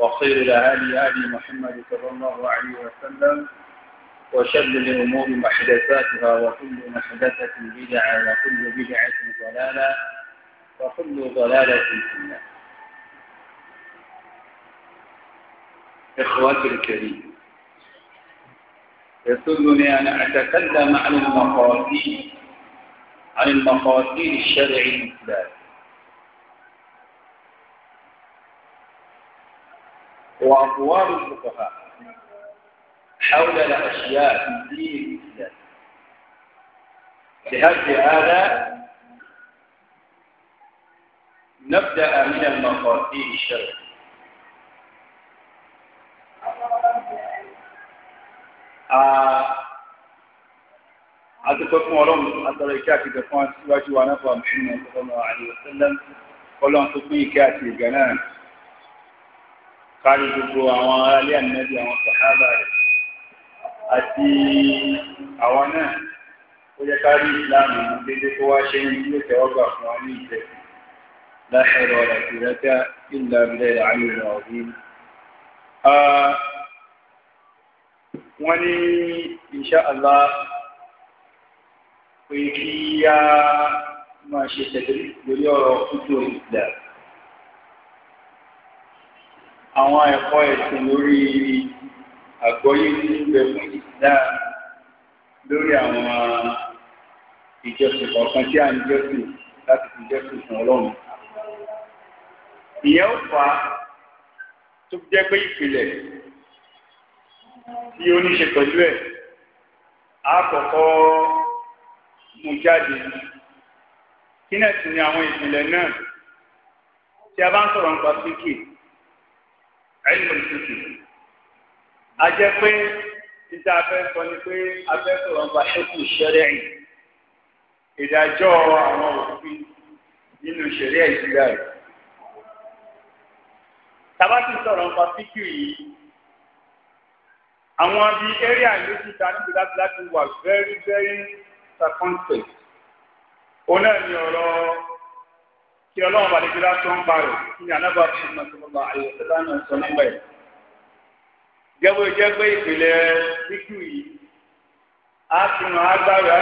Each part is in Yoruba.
وخير الهادي ال محمد صلى الله عليه وسلم وشر الأمور محدثاتها وكل محدثة بدعة وكل بدعة ضلالة وكل ضلالة في النار إخوتي الكريم يسرني أن أتكلم عن المقاصد عن المقاصد الشرع الإسلامي وأقوال الفقهاء حول الأشياء في دين الإسلام لهذا هذا نبدأ من المفاتيح الشرعية أعتقد أنهم يقولون أن الرسول صلى الله عليه وسلم يقولون أن الرسول صلى الله عليه وسلم يقولون أن الرسول kárí gbogbo àwọn aráalé ànábì àwọn sàhábà rẹ̀ àti àwọn náà ó yẹ kárí ìsìláàmù dédé tó wá ṣe ní ilé ìtẹ́wọ́gbà fún wa ní ìjẹsìn láṣẹrọ ọ̀rọ̀ ìrẹ́jà ìlànà àyẹ̀wò ọ̀gbìn. wọ́n ní insha Allah pé kí á máa ṣe tẹ̀lé lórí ọ̀rọ̀ ojú ìsìláàmù àwọn ẹ̀kọ́ ẹ̀sìn lórí àgbọ́yé tí ń bẹ fún ìdá lórí àwọn ìjọsìn kọ̀ọ̀kan tí a ń jọ́sìn láti fi jọ́sìn fún ọlọ́run. ìyẹn ó fà á tó jẹ́ pé ìpìlẹ̀ tí ó ní ṣe pẹ̀lú ẹ̀ á kọ́kọ́ mú jáde kí náà sì ni àwọn ìpìlẹ̀ náà tí a bá ń sọ̀rọ̀ nípa fíkì ẹ̀yìn olùsìsì a jẹ́ pé títa afẹ́ sọ ni pé afẹ́ sọ̀rọ̀ nípa ṣẹ́kù ṣẹ́rẹ́ yìí ìdájọ́ àwọn òfin nínú ṣẹ̀ríà ìsìlẹ̀ rẹ̀ tabati sọ̀rọ̀ nípa fíkì yìí àwọn bí ẹ́ríà méjì ta níbi láti láti wà very very circumspect òun náà ni ọ̀rọ̀. kí ọlọ́run bàdé bí lásán ń parọ́ ní anábà tí mo ti bọ̀ àyẹ̀wò lánàá sọ nígbà yìí. jẹ́wọ́ jẹ́ pé ìpìlẹ̀ bíkú yìí á ti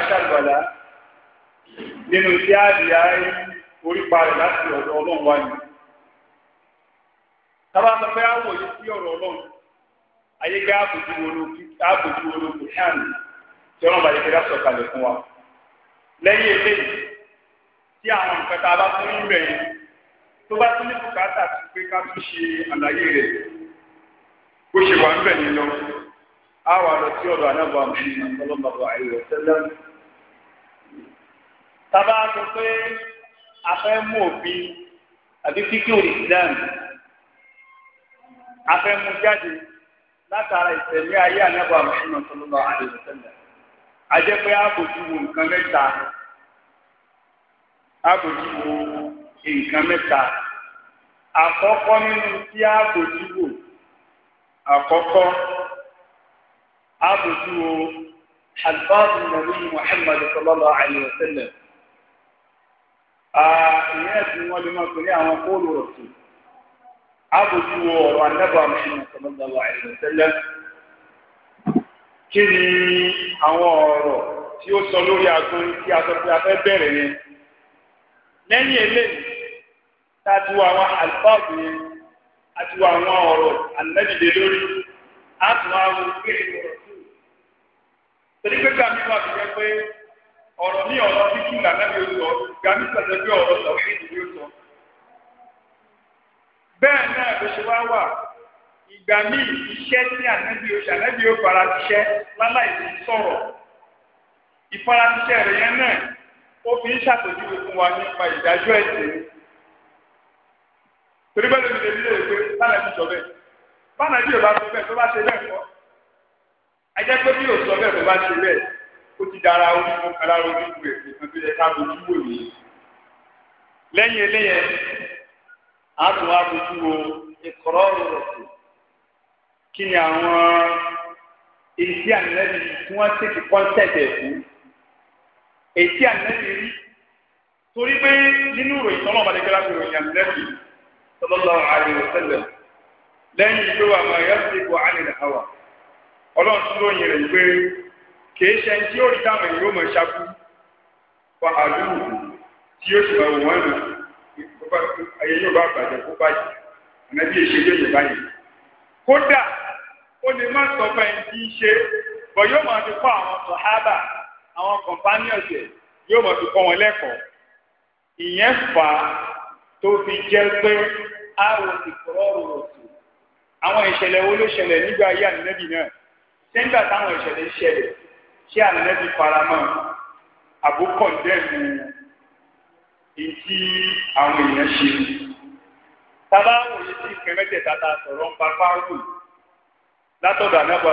aṣàgbàlá nínú tí a di ayé orí láti ọ̀dọ̀ ọlọ́run wá ní. sábà àwọ̀ yìí sí ọ̀rọ̀ ọlọ́run ayé olóògùn tí ọlọ́run fún wa. lẹ́yìn eléyìí tí àwọn nǹkan tá a bá tún rí bẹ̀ yẹn tó bá tún ní bùkátà tó pé ká tún ṣe àlàyé rẹ̀ bó ṣe wà ń bẹ̀ yẹn lọ á wà lọ sí ọ̀dọ̀ anábọ̀ àmọ́ni ọlọ́mọdọ̀ tábà sọ pé a fẹ́ mú àbí a fẹ́ mú jáde látara ayé anábọ̀ a jẹ́ pé a kò àbòjúwò nǹkan mẹ́ta àkọ́kọ́ nínú tí akọkọ àkọ́kọ́ àbòjúwò alifáàbù nàbí muhammadu sallallahu alayhi wa sallam ìyẹn tí wọ́n lè máa pèlè àwọn kóòlù rọ̀tù àbòjúwò ọ̀rọ̀ anábà muhammadu sallallahu alayhi sallam kí ni àwọn tí ó sọ lórí agbóyin a sọ pé lẹ́yìn eléyìí tá a ti wọ àwọn àlùfáàbù yẹn a ti àwọn ọ̀rọ̀ àlùmẹ́dìdè lórí a tún wá wo kéde ọ̀rọ̀ tó torí pé gàmí wà fi jẹ́ pé ọ̀rọ̀ ní ọ̀rọ̀ títí lànàbí ó gàmí sọ̀tẹ̀ pé ọ̀rọ̀ sọ̀rọ̀ ní ó sọ. bẹ́ẹ̀ náà ló ṣe wá wà ìgbà míì iṣẹ́ tí fara ó fi ń ṣàpèjúwe fún wa nípa ìdájọ́ ẹ̀sìn torí bẹ́ẹ̀ lómi lèmi lóye pé sálẹ̀ ti sọ bẹ́ẹ̀ báńà bí yorùbá sọ bẹ́ẹ̀ tó bá ṣe bẹ́ẹ̀ kọ́ ẹ jẹ́ pé bí yóò sọ bẹ́ẹ̀ tó bá ṣe bẹ́ẹ̀ ó ti dára onígun kan lára onígun rẹ̀ kò kàn fi lè ká bojú wò ní. lẹ́yìn eléyẹn a tún wá bojú wo ìkọ̀rọ̀ rẹ̀ kí ni àwọn èyí tí àmì lẹ́bi tí wọ́n tètè kọ́ńtẹ̀tẹ̀ fún èsì ànẹ́bí rí torí pé nínú ìròyìn tọ́lọ́ ọba lẹ́gbẹ́lá fi ròyìn ànẹ́bí sallallahu alaihi wasallam lẹ́yìn ìgbé wa máa yẹ kí kò àwà ọlọ́run tún lóyìn rẹ̀ pé kìí ṣe ẹni tí ó rí táwọn èèyàn mọ̀ ṣáku fa àdúgbò tí ó sì máa wọ́n nà ayé yóò bá bàjẹ́ kó báyìí ànẹ́bí yóò yẹ báyìí kódà ó lè má sọ àwọn companions ẹ̀ yóò mọ̀ fi kọ́ wọn lẹ́kọ̀ọ́ ìyẹn fà á tó fi jẹ́ pé àrùn ìkọ̀rọ̀rù òsì àwọn ìṣẹ̀lẹ̀ wo ló ṣẹlẹ̀ nígbà ayé ànínẹ́bì náà sẹ́ńgbà táwọn ìṣẹ̀lẹ̀ ṣẹlẹ̀ ṣé ànínẹ́bì faramọ́ àbúkọ̀ dẹ́nu ìtí àwọn èèyàn ṣe tábà wòye sí ìpín mẹ́tẹ̀ẹ̀ta ta sọ̀rọ̀ ń pa fáwọn látọ̀dọ̀ ànábọ̀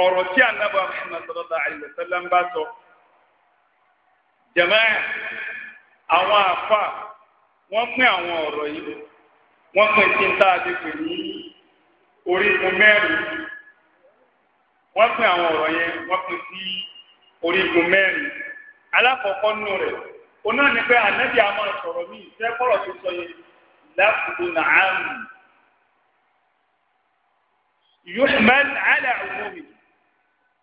ọ̀rọ̀ tí anabu Muhammad sallallahu alayhi bá sọ jẹmẹ àwọn àfa wọ́n pín àwọn ọ̀rọ̀ yìí wọ́n pín tí n tá a pè ní orígun mẹ́rin wọ́n pín àwọn ọ̀rọ̀ yẹn wọ́n pín sí orígun mẹ́rin alákọ̀ọ́kọ́ nù oná pé anabi kọrọ tó sọ yẹn yóò àwọn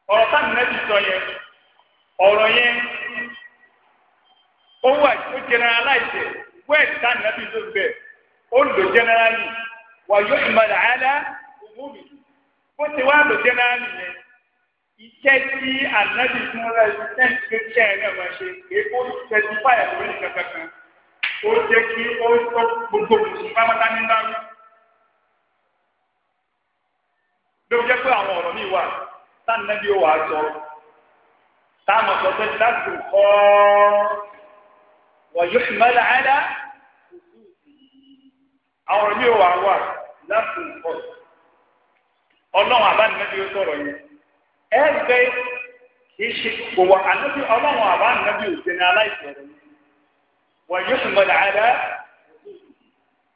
ọ̀rọ̀ táà nẹ́bí sọ yẹn ọ̀rọ̀ yẹn owó àti generalize wẹ́ẹ̀dì táà nẹ́bí ló bẹ̀ ó lò generally wà yóò ìmọ̀lẹ̀ àádá òwò mi bó ti wá lò generally yẹn iṣẹ́ tí ànábì fún ọ̀rọ̀ iṣẹ́ tó ṣe ẹ̀ náà máa ṣe èkó tẹ̀sí fáyà lórí kankan kan ó jẹ́ kí ó sọ gbogbo mùsùlùmí pátá nínú àwọn ló jẹ́ pé àwọn ọ̀rọ̀ mi wà sànàbí ò wá sọ táwọn sọ pé láti kọ́ wọ̀nyí mẹ́lẹ̀ ẹ̀dá àwọn ọ̀rọ̀ mi ò wá wà láti kọ́ ọlọ́run àbánàbí ò sọ̀rọ̀ yẹn ẹ̀ gbé ìṣe kò wà ànábì ọlọ́run àbánàbí ò sẹ́ni aláìsọ̀rọ̀ yẹn wọ̀nyí mẹ́lẹ̀ ẹ̀dá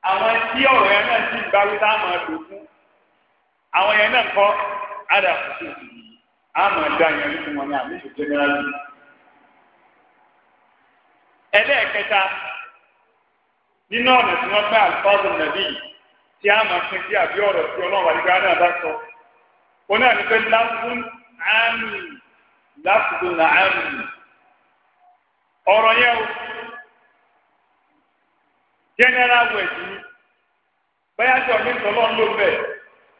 àwọn tí ọ̀rọ̀ yẹn náà ti gbáwé táwọn máa lò fún àwọn yẹn náà kọ́ àdàkùn sí i àmọ̀ ẹ̀dá yẹn ní fún wọn ní àlejò jẹ́nẹ́rálì. ẹlẹ́ẹ̀kẹta nínú ọ̀nà tí wọ́n gbé àlùfáàbù nàbí tí a máa pín sí àbí ọ̀rọ̀ tí ọlọ́run àdìgbà náà bá sọ wọn náà ní pé láfún àmì láfún nà àmì ọ̀rọ̀ yẹn o general word ni bẹ́ẹ̀ ọ̀mí sọlọ́ọ̀ ń bẹ̀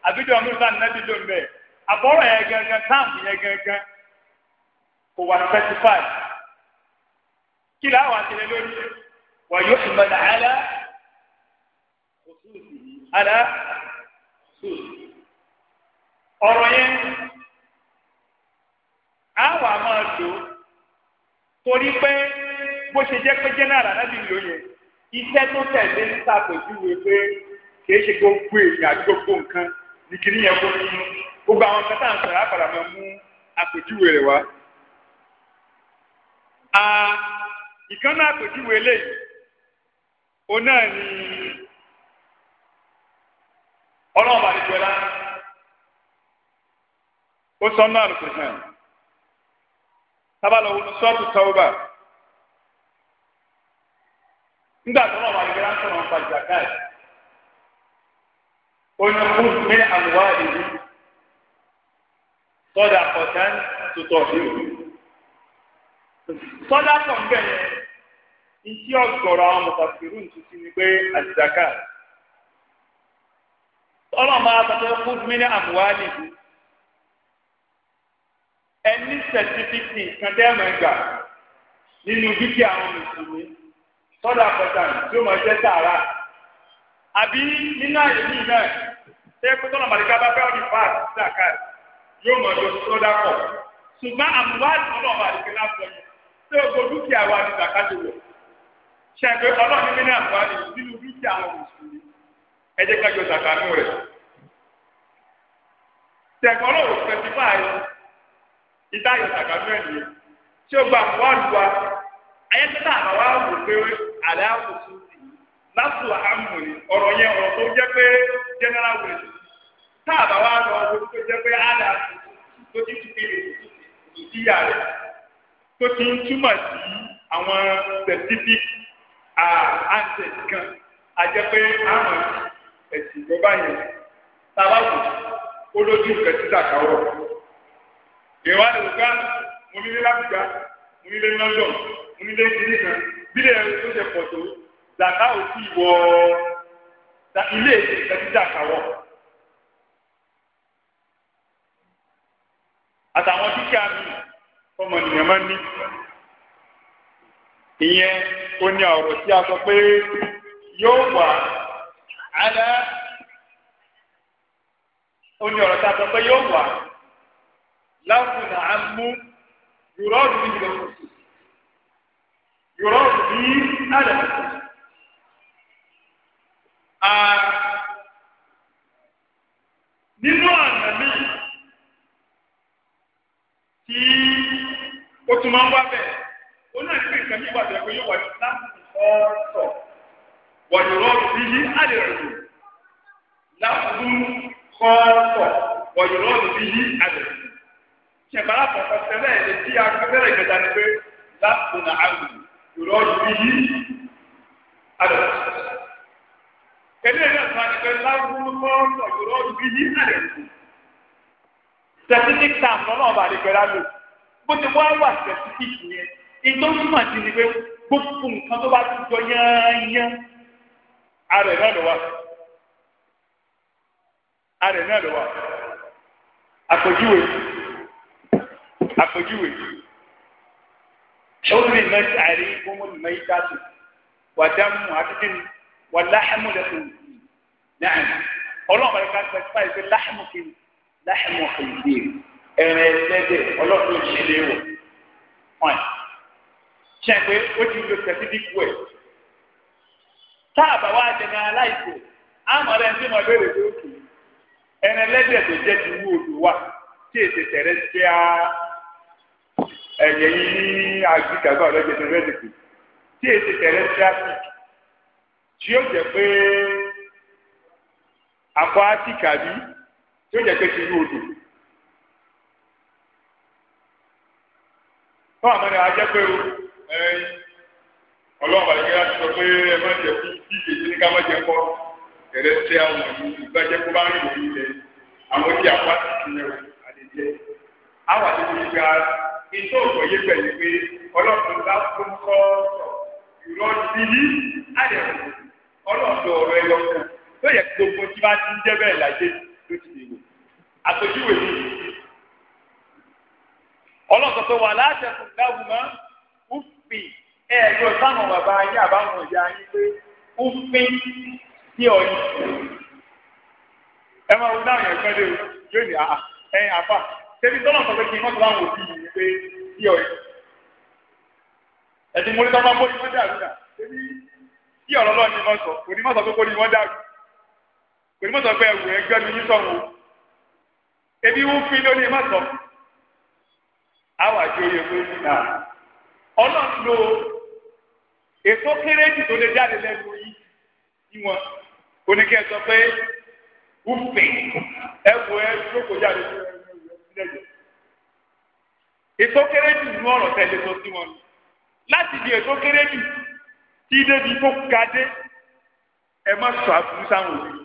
àbídọ̀ ọ̀mí sàn náà ti ló ń bẹ̀. abọrọ yẹn gangan táàmù yẹn gangan kò wá twenty five kí ló àwọn àtẹlẹ lórí wà yóò fi mọ̀lá ala òṣùṣì yẹn àwọn àmọ́ torí pé bó ṣe pé jẹ́nàrà lábì lò yẹn iṣẹ́ tó tẹ̀lé ń ṣàpèjúwe pé kì í ṣe gbogbo èèyàn àti gbogbo àwọn kan tá à ń sọ̀rọ̀ àpàrà máa mú àpèjúwe rẹ̀ wá. a ìkan náà àpèjúwe lè o náà ni ọlọ́run bá ti jọ lá ó sọ náà lóko hàn sábàlọ́ wọn sọ́ọ̀tù tọ́wọ́bà nígbà tó náà wà ní gbẹ́rẹ́ sọ̀rọ̀ nípa sọ́dà kọ̀tán tuntun ìlú. sọ́dà kan bẹ̀rẹ̀ iṣẹ́ ọ̀gọ̀rọ̀ àwọn mùsàfìrù tuntun ni pé àtìdáká. ọlọ́mọ àtàtà fún mi ní àmúwálì ẹni sẹtifíkì kan dẹ́mẹ̀ gbà nínú dúkìá àwọn mùsùlùmí sọ́dà tí ó máa jẹ́ àbí nínú àyè náà ṣé kótó lọ́mọdé ká bá yóò máa yọ sọ́dá pọ̀ ṣùgbọ́n àmúwájú ọlọ́run àdìgbẹ́ láti ọ̀yọ́ tó o gbọ́ dúkìá wa ní zakati wọ̀ ṣàgbé ọlọ́run nínú àmúwájú nínú dúkìá àwọn mùsùlùmí ẹ jẹ́ ká rẹ̀ ọlọ́run báyìí yọ ẹ̀ nìyẹn o gba wa àbáwá wò pé àlẹ́ lásù ọ̀rọ̀ yẹn ọ̀rọ̀ tó jẹ́ pé general táàbà wa lọ ọdún tó jẹ́ pé àdá tó ti tún kéde ìdíyà rẹ̀ tó ti ń túmọ̀ sí àwọn specific answers kan àjẹ́ pé àmọ̀ ẹ̀sìn tó bá yẹn tábà kù ó lójú ìfẹ́ títà káwọ́. ìwà lè gbá ah, mo nílé lábùgbà mo nílé London mo nílé kìnìún kan bílẹ̀ tó ṣe pọ̀ tó zàkà òsì wọ ilé ìfẹ́ títà káwọ́. àtàwọn dúkìá mi ọmọ ènìyàn máa ń ní. ìyẹn ó ní ọ̀rọ̀ tí a sọ pé yóò wà alẹ́ ó ní ọ̀rọ̀ tí a sọ pé yóò wà láwùjọ náà á mú yòrọ́ọ̀dù bí yòrọ́ọ̀dù bí alẹ́ nínú àná mi tí ó tún máa ń wá bẹ̀ ó náà ní pé nǹkan yìí wà bẹ̀ pé yóò wà ní láti ọ̀sọ̀ wọ̀nyọ̀rọ̀ bí yí àlè rẹ̀ láti kọ́ọ̀sọ̀ wọ̀nyọ̀rọ̀ bí yí àlè rẹ̀ ṣẹ̀bàrà kọ̀ọ̀kan tẹ́lẹ̀ ẹ̀ tí a bẹ̀rẹ̀ ìgbẹ̀ta ni pé láti nà áwù yọ̀rọ̀ bí yí àlè rẹ̀ kẹ́lẹ́ ẹ̀ náà sọ specific term lọ́nà ọba àdìgbẹ́lá lò bó ti wá wà specific yẹn ìtọ́ túmọ̀ sí ni pé gbogbo nǹkan tó bá tún jọ yányán ara ẹ̀ náà lọ wá ara ẹ̀ náà lọ wá àpèjúwe àpèjúwe ṣọ́ọ́rì mẹ́ta àrí gbọ́mọ́ mẹ́ta tó wà dáhùn àdúgbò ni wà láhàmù lẹ́kọ̀ọ́ náà ọlọ́run bá yẹ ká sọ ẹ́ fún àyè pé láhàmù kìíní láìmọ̀ ìdí ẹ̀rẹ̀ ẹlẹ́dẹ̀ ọlọ́run ṣe lé wọ̀ fún ẹ̀. ṣe pé ó ti lo specific way. tá a bá wá jẹ̀nà aláìsè àmọ́ rẹ̀ ń tí mo béèrè pé ó kì í. ẹ̀rẹ̀ ẹlẹ́dẹ̀ tó jẹ́ ti wú odò wa tí èsì tẹ̀rẹ̀ ṣe á ẹ̀yẹ yìí ní àgbìkàgbà ọ̀rẹ́dẹ̀ tó rẹ̀ dìbò tí èsì tẹ̀rẹ̀ ṣe á sì tí ó jẹ́ pé àpò átíkà bíi tí ó jẹ́ pé tinú odò. fún àmọ́ni ajẹ́ pé o ọlọ́run àti ìyá ti sọ pé ẹ má jẹ kí ìdíje tí ní ká má jẹ kọ́ ẹ̀rẹ́ tẹ àwọn ìlú ìgbàjẹ́ kó bá rìn lórí ilẹ̀ àwọn tí àpá ti ti yẹ àdìjẹ. àwọn àti ìgbà iṣẹ́ òkòyé pẹ̀lú pé ọlọ́run bá fún kọ́ ìrọ́jú yìí àdẹ̀wò ọlọ́run ọ̀rọ̀ ẹ̀yọkàn tó yẹ gbogbo tí bá ti ń jẹ́ bẹ́ẹ̀ lájẹ́ yìí fifty ni àpèjúwe ni ọlọ́sọ pé wà látẹ̀kùn dáhùnmá ufì ẹ̀ yóò sáwọn bàbá yín àbáwọn ìyá yín pé ufì sí ọyìn ẹ máa wo dáhùn yẹn pẹ́lú yóò ní àhà ẹ̀yìn àfà tẹbi tọ́lọ̀ sọ pé kí n mọ́tò láwọn òbí yìí pé sí ọyìn ẹ̀dín mo ní tọ́ bá bọ́ ìwọ́n dàrú dà tẹbi sí ọ̀rọ̀ lọ́ọ̀ ni mọ́tò onímọ̀tò pé kó ní wọ́n dàrú pẹ̀lú mọ́tò pé ẹ̀wù ẹgbẹ́ mi yín sọ̀rọ̀ ebi ń fi lórí mọ́tò àwọn àti oyè pé nà ọlọ́run lo ètò kéréjì tó lè jáde lẹ́nu yìí ìwọ̀n oníkẹ́ sọ pé wúfè ẹ̀wù ẹ̀ jókòó jáde lẹ́nu ètò kéréjì nínú ọ̀rọ̀ tẹ̀lé sọ sí wọn láti di ètò kéréjì tí débi tó ga dé ẹ má sọ àbúrú sáwọn òbí.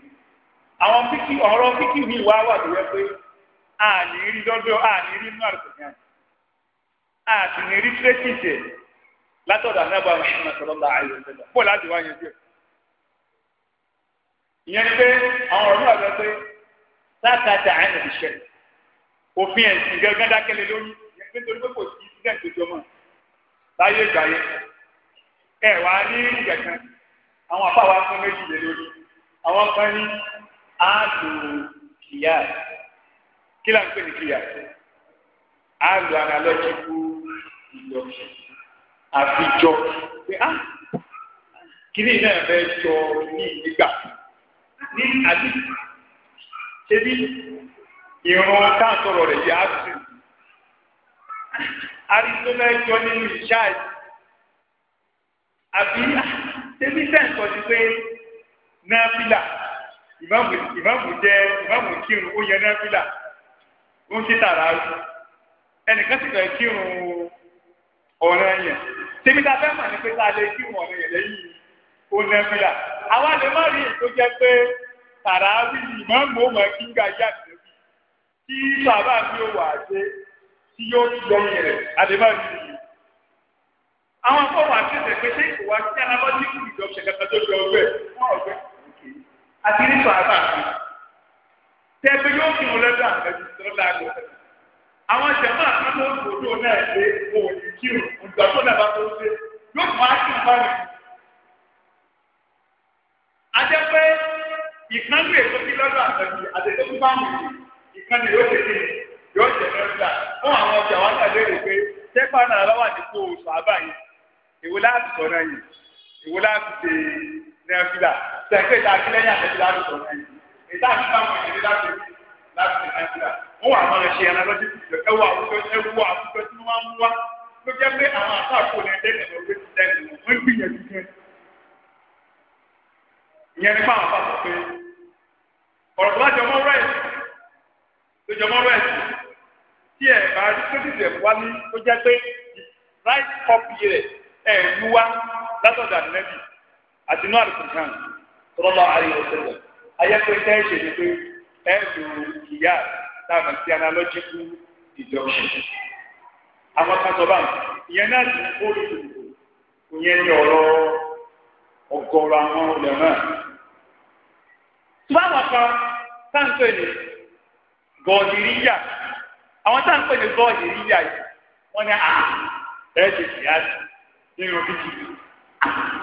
àwọn fíkì ọ̀rọ̀ fíkì mi wá wà tó yẹ pé àní rí lọ́dọ̀ àní rí inú àlùkò yẹn àti ní rí tírẹ́sì jẹ látọ̀dọ̀ anábà Muhammad sallallahu alaihi wasallam pọ̀ láti wá yẹn díẹ̀. ìyẹn ni pé àwọn ọ̀rọ̀ náà lọ pé sáàkàtà àyàn ìṣẹ̀ òfin ẹ̀sìn gẹ́gẹ́ dákẹ́lẹ́ lórí nítorí pé kò sí sílẹ̀ tó jọmọ́ láyé ìgbà ẹ̀ wá ní ìgbẹ̀kan àwọn àfáwá fún méjì lé lórí àwọn kan ní áàlù kìyà kí là ń pè ní kìyà áàlù analọ́jìkú ìjọsìn àfijọ pé á ah, kìnìún náà fẹ́ jọ ní ìgbà ní àdí ṣebí ìran táǹsọ̀rọ̀ rẹ̀ yá sí arísọ́lá ẹjọ́ nínú ìṣá yìí àbí ṣebí sẹ́ǹsọ̀ ti pé náà fìlà ìmáàmù ìmáàmù jẹ́ ìmáàmù kírun ó yẹ náfìlà ó ń ṣe tààrà ẹnìkan sì fẹ́ kírun ọ̀ràn yẹn tèmi ta fẹ́ mọ̀ ní pé tá a lè kírun ọ̀ràn yẹn lẹ́yìn ó náfìlà àwa lè má rí èyí tó jẹ́ pé tààrà wí ìmáàmù ó mọ̀ kí ń ga yá tí bàbá mi ò wà dé tí yóò ti lẹ́yìn rẹ̀ àdébà mi nìyí. àwọn akọ́wà ti sẹ̀ pé ṣé ìwà tí alábọ́dé kù ìjọba ṣẹ̀kẹ́ta àti ní sọ̀rọ̀ àti tẹ́gbẹ́ yóò fi wọn lẹ́gbẹ́ àgbẹ̀jù tó láàgbẹ̀ àwọn jẹ̀mọ́ àkàndó òdòdó náà ṣe òòlù kí o òdòdó tó nàbà tó ṣe yóò fún aṣọ ìbáwí. ajẹ́ pé ìkànnì èso kí lọ́dọ̀ àgbẹ̀jù àtẹ̀tẹ̀ tó bá wù ìkànnì yóò ṣe kí yóò ṣe lọ́dọ̀ fún àwọn ọjà wọn náà lérò pé tẹ́gbà náà lọ́wọ́ àdìpọ̀ òṣù àbáyé ìwúlá nẹ́ẹ̀fìlà sẹ́kẹ̀tì akílẹ́yìn àtẹ̀jìlá lùtọ̀ ìta àtúntà wọn ìdílé láti láti nàìjíríà wọn wà máa ṣe ẹran lọ́jọ́ ìjọ ẹwọ àwùjọ ẹwọ àwùjọ tí wọ́n máa ń wá ló jẹ́ pé àwọn àtàkù ní ẹ̀dẹ́gbẹ̀ lọ́gbẹ́ ti dẹ́nu wọ́n gbìyànjú jẹ́ ìyẹn nípa àwọn àpapọ̀ pé ọ̀rọ̀ tó bá jọmọ́ rẹ́ẹ̀sì tó jọmọ́ rẹ́ẹ̀sì tí ẹ̀ bá rí tó ti dẹ̀kú wá ní tó jẹ́ pé right copy rẹ̀ ẹ̀ ń wá látọ̀dọ̀ àdínẹ́bì àtinú inú àlùkùnrin tọ́lọ́lọ́ àríwá sẹ́lẹ̀ ayẹ́pẹ́ tẹ́ ẹ ìyá táwọn ti àwọn kan sọ báyìí ìyẹn náà ti kó ìyẹn ní ọ̀rọ̀ àwọn olè náà kan ní àwọn ní gọ̀ọ̀dìríyà yìí wọ́n ní àà ẹ̀ ṣe kìíyàsì nínú bíkì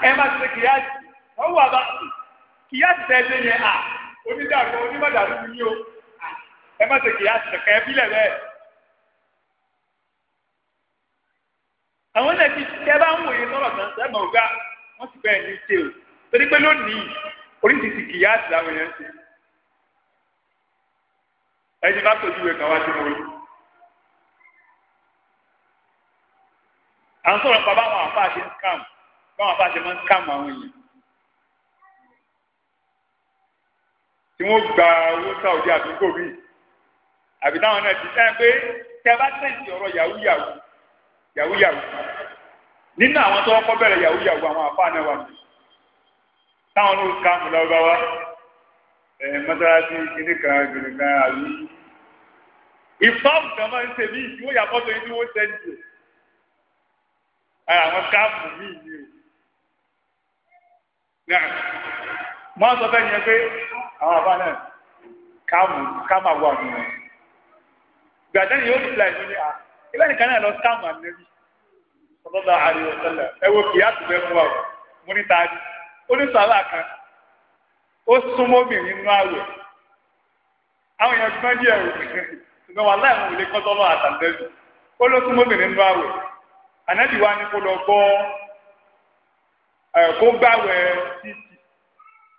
ẹ̀ wọ́n wà bá kìyà ti tẹ́lẹ̀ yẹn à onídàgbò onímọ̀dàrú yìí o ẹ má ṣe kìyà ti kẹ́ bílẹ̀ bẹ́ẹ̀. àwọn náà ti tẹ́ bá ń wòye sọ̀rọ̀ kan sẹ́ mọ̀ ọ̀gá wọ́n ti bẹ́ẹ̀ ní ṣe o torí pé lónìí oríṣiríṣi kìyà ti làwọn yẹn ṣe. ẹni bá tọ́jú rẹ̀ kan wá sí mọ́lú. à ń sọ̀rọ̀ pa báwọn àfáà ṣe ń kàm báwọn àfáà ṣe máa ń kàm àwọn èèyàn. tí wọ́n gba owó sáwùdí àdúgbò rí àbí táwọn náà ti sẹ́yìn pé tẹ bá tẹ̀sí ọ̀rọ̀ yahoo yahoo yahoo yahoo nínú àwọn tó kọ́ bẹ̀rẹ̀ yahoo yahoo àwọn àfáà náà wà ní táwọn ló ká mú lọ́wọ́ wá ẹ̀ mọ́sálásí kìnnì kan kìnnì kan àbí ìfọ́ọ̀mù kan máa ń ṣe mí ìdíwọ́ yàtọ̀ tó yẹ kí wọ́n sẹ́ńtì àwọn káàpù mí ni o mọ́ sọ fẹ́ yẹn pé àwọn àbá náà káàmù káàmù àwọn àmì wọn gbàdánì yóò ti láì lórí à ilé nìkan náà lọ káàmù ànẹ́bí ọlọ́dà àríwọ̀ sẹ́lẹ̀ ẹ wo kìí àtúbẹ̀ mú wa o mo ní taari ó ní sàrà kan ó súnmọ́ obìnrin nínú àwẹ̀ àwọn èèyàn ti máa ń yẹ ẹ̀rù ṣùgbọ́n wà láì wọn ò lè kọ́ sọ́lọ́ àtàndẹ́bì ó ló súnmọ́ obìnrin nínú àwẹ̀ ànẹ́bí wa ni kó lọ gbọ́ ẹ̀ gbàwẹ̀ títí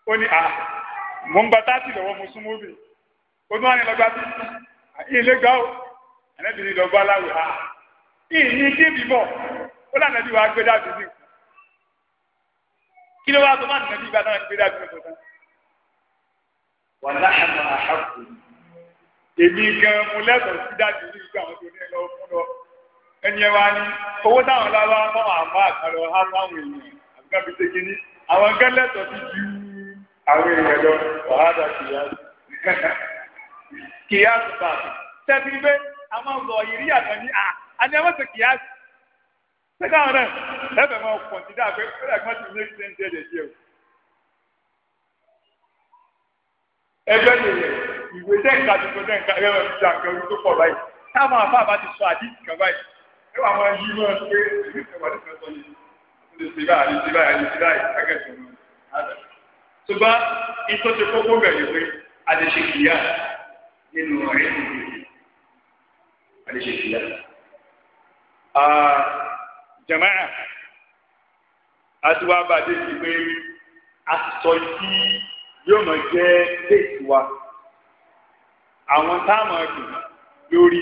ó ní à ah, mò ń gba táàtì lọ́wọ́ mo súnmọ́ bì ó tún wà ní lọ́gbà bí ilé gbà ah, ó ànábìrin lọ bá láwùjọ à ìyìn débi bọ̀ ó lànà bí wàá gbé dáàbì sí kí ló wá tó má nà bí ìgbà náà gbé dáàbì sí kankan. wà láhàmà àhàkù èmi gan mo lẹ́sọ̀ọ́ sí dáàbì sí ìgbà àwọn tó ní ẹ fún lọ ẹni ẹ wá ní owó táwọn lábá fáwọn àmọ́ àkàlọ́ há èèyàn àbúkà fi ṣe àwọn gẹ́lẹ́tọ̀ ti ju àwọn èèyàn lọ ọ̀hádà kìyàsù kìyàsù báàbí tẹ́bí pé a máa ń lọ ìrí àtọ̀ ní à á ní ẹmọ́sẹ̀ kìyàsù pẹ́ká ọ̀rẹ́ ẹ̀fẹ̀ máa kọ̀ǹtìdá pé ẹ̀fẹ̀ máa ti ní ẹ̀sìdẹ́ntì ẹ̀dẹ̀ díẹ̀ o. ẹgbẹ́ yẹyẹ ìwé dẹ́ka tuntun dẹ́ka ẹgbẹ́ wọn ti àgbẹ̀ orí tó pọ̀ báyìí táwọn afá bá ti sọ àdìsí kan báyìí ẹ wà máa yí wọn pé ẹ̀fẹ̀ wà ní fẹ́ sọ yìí ṣùgbọ́n ìtọ́ ti kókó bẹ̀rẹ̀ pé àdéṣe kìíyà nínú ọ̀rẹ́ ìlú àdéṣe kìíyà. jama'a àtiwá bá dé sí pé aṣọ tí yóò máa jẹ́ déètì wa àwọn táwọn ọdún lórí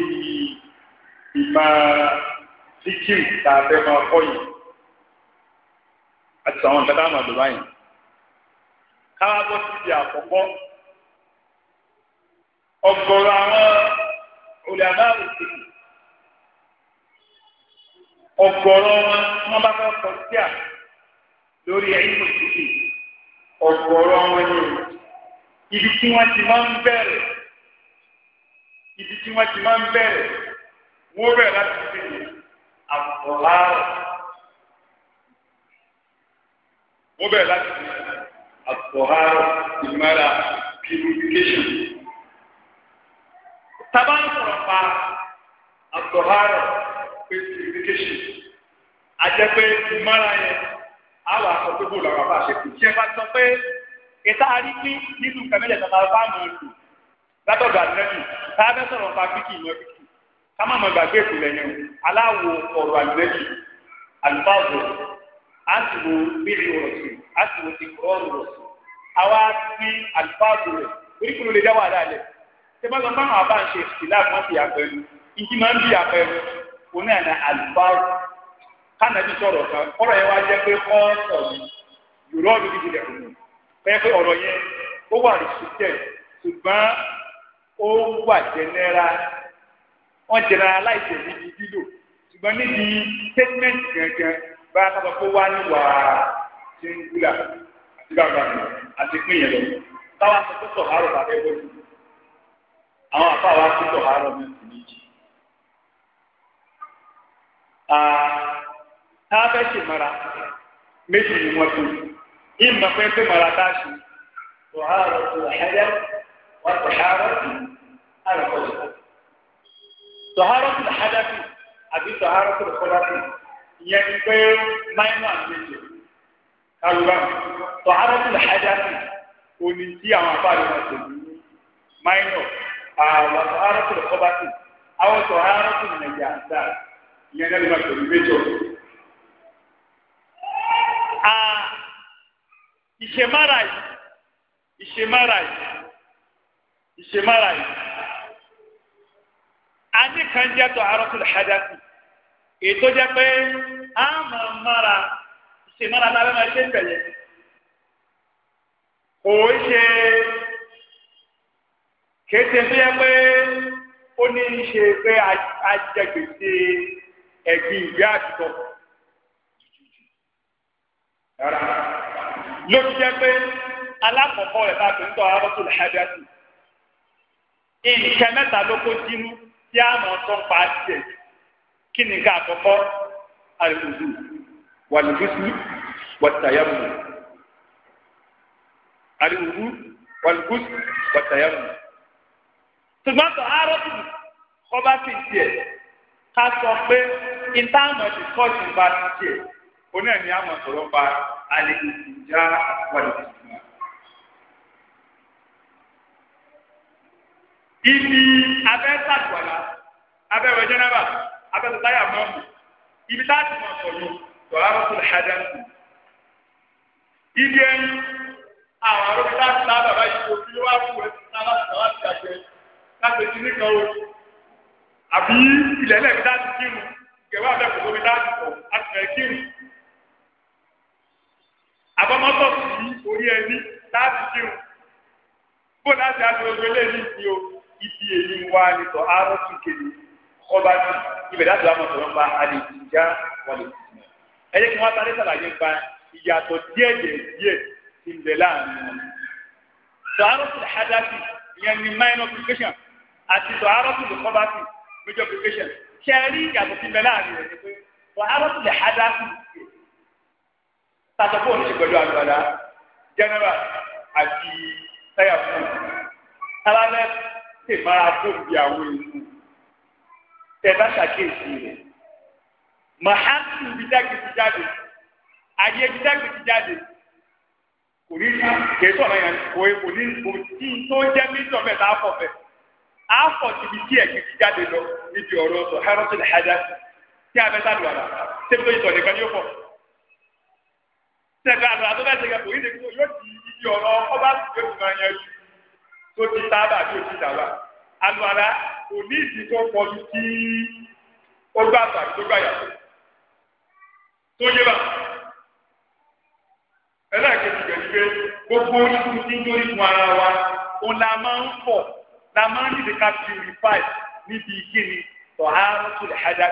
ìmọ̀ síkìrì tá a fẹ́ máa kọ́ yìí àti àwọn nǹkan táwọn ọdún báyìí. káwá bọ́ síbi àkọ́kọ́ ọ̀gọ̀rọ̀ àwọn olùyàmá òsè ọ̀gọ̀rọ̀ wọn bá fẹ́ kọ sí à lórí ẹ̀yìn ọ̀gọ̀rọ̀ ibi tí wọ́n ti máa ń bẹ̀rẹ̀ ibi tí wọ́n ti máa ń bẹ̀rẹ̀ wọ́n bẹ̀rẹ̀ láti fi wọ́n bẹ̀rẹ̀ at-tahara ìmọ̀ra purification. tábà ń sọ̀rọ̀ pa at-tahara purification. àjẹpẹ́ ìmọ̀ra yẹn á wà sọ pé bó làwọn bá ṣe kù. ṣé ẹ bá sọ pé ìta àríkí nínú kẹmẹ́lẹ̀ tàbá bá mọ̀ ọ́ lò látọ̀dọ̀ àtẹ́kù tá a fẹ́ sọ̀rọ̀ pa kíkì ìmọ̀ kíkì ká má mọ̀ gbàgbé ìpìlẹ̀ yẹn aláwo ọ̀rọ̀ àgbẹ̀kì àlùfáàbò asibu bíi rọ̀sùn asibu ti kọ́ ọrụ àwa fi àlùfáàbù rẹ̀ oríkùnrin lè dáwọ́ àdá lẹ̀ tẹ́fà lọ báwọn àbá ń ṣe ìlà wọn fi àpẹẹrẹ ìdí máa ń bí àpẹẹrẹ oní báyà ká sọ wá ní wàá ń gúlà àti bàbá mi àti pín yẹn lọ táwa sọ sọ̀hárọ̀ àwọn sọ̀hárọ̀ mi tá a fẹ́ ṣe mara méjì ni wọ́n tó yìí mọ̀ pé pé mara tá a ṣe sọ̀hárọ̀ tó ẹ̀yẹ́ wọ́n sọ̀hárọ̀ tó àrùn kọ́lẹ̀. sọ̀hárọ̀ tó ẹ̀yẹ́ àbí sọ̀hárọ̀ tó kọ́lá tó. ìyẹn ti pé máínà méje kálùbá tọ́ arábìlà hajjásì òní tí àwọn afáàlú náà ṣe ní máínà àwọn tọ́ arábìlà kọ́bátì àwọn tọ́ arábìlà nàìjíríà dáa ìyẹn náà ló máa tẹ̀lé méjọ. ìṣèmára yìí ìṣèmára yìí ìṣèmára yìí a ní kan jẹ́ tọ́ arábìlà hajjásì ètò jẹ́ pé a máa mára ìṣèmára tá a fẹ́ máa ṣe ń tẹ̀lé kò í ṣe kéde tó yẹ pé ó ní í ṣe pé ajẹgbèsè ẹ̀gbin ìgbé àtijọ́ rárá ló ti jẹ́ pé alákọ̀ọ́kọ́ rẹ̀ bá fi ń tọ́ arábọ́tò lẹ́hàbíà sí nǹkan ló kó sínú tí a máa tọ́ ń pa á tiẹ̀ kí ni ká àkọ́kọ́ àlùkùdù wàlùkùsù wàtàyàmù àlùkùdù wàlùkùsù wàtàyàmù. ṣùgbọ́n tó arọ́bù kọ́ba ti tiẹ̀ ká sọ pé ìtààmù ti kọ́ọ̀tù bá ti tiẹ̀ oní ẹ̀mí àmọ̀ sọ̀rọ̀ pa àlùkùdù já wàlùkùsù. ibi abẹ́ sàgbọ̀lá abẹ́wẹ̀ jẹ́nẹ́bà abẹ́tẹ̀ táyà mọ́ mu ibi láti mọ̀ sọ̀rọ̀ tọ́lá ló tún ṣáájà kù. ibi ẹni àwọn arúgbó láti lá bàbá yìí kò fi wá fún ẹ sísá láti sọ láti àjẹ láti ti ní kan o. àbí ilẹ̀lẹ̀ mi láti kírun ìgbẹ̀wá abẹ́ kò tóbi láti pọ̀ láti fẹ́ kírun. àbámọ́tò sí orí ẹni láti kírun. bó láti àti òṣèlè ní ti o ibi èyí ń wá ní tún kéde kọ́ba tì ibẹ̀ láti wá mọ̀ sọ̀rọ̀ nípa alẹ́ ìjà wọlé. ẹ jẹ́ kí wọ́n sáré sàlàyé nípa ìyàtọ̀ díẹ̀ díẹ̀ ti ń bẹ láàrin wọn. sọ̀rọ̀tù hadasi ìyẹn ni minor application àti sọ̀rọ̀tù kọ́ba tì major application ṣe é rí ìyàtọ̀ ti ń bẹ láàrin rẹ̀ ni pé sọ̀rọ̀tù hadasi tàtọ̀ fóònù ṣe pẹ̀lú àgbàdá general àti táyà fóònù. tábàlẹ́ tèmára fóònù bí àwọn èèyàn tẹ̀bá ṣàkíyèsí rẹ̀ màhásù bíjáde ti jáde ayé bíjáde ti jáde kò ní kẹsọ̀ yẹn kò ní kò tí tó jẹ́ mílíọ̀nù mẹ́ta afọ̀ bẹ̀ ti fi kí ẹ̀gbẹ́ jáde lọ níbi ọ̀rọ̀ sọ hẹ́rọ́sì lè hájà kí abẹ́sà yóò ibi ọba tó ti tó ti sábà tó ti alùpàdà kò ní ìdí tó pọ̀ ju ó gbà tàbí tó gbà yàtọ̀ tó yé bá ẹlẹ́ẹ̀kejì gẹ̀ẹ́dì pé gbogbo tí ń dórí fún ara wa òun la máa ń fọ̀ la máa ń níbi ká purify níbi ìkíni tọ̀hárọ́tù lè lè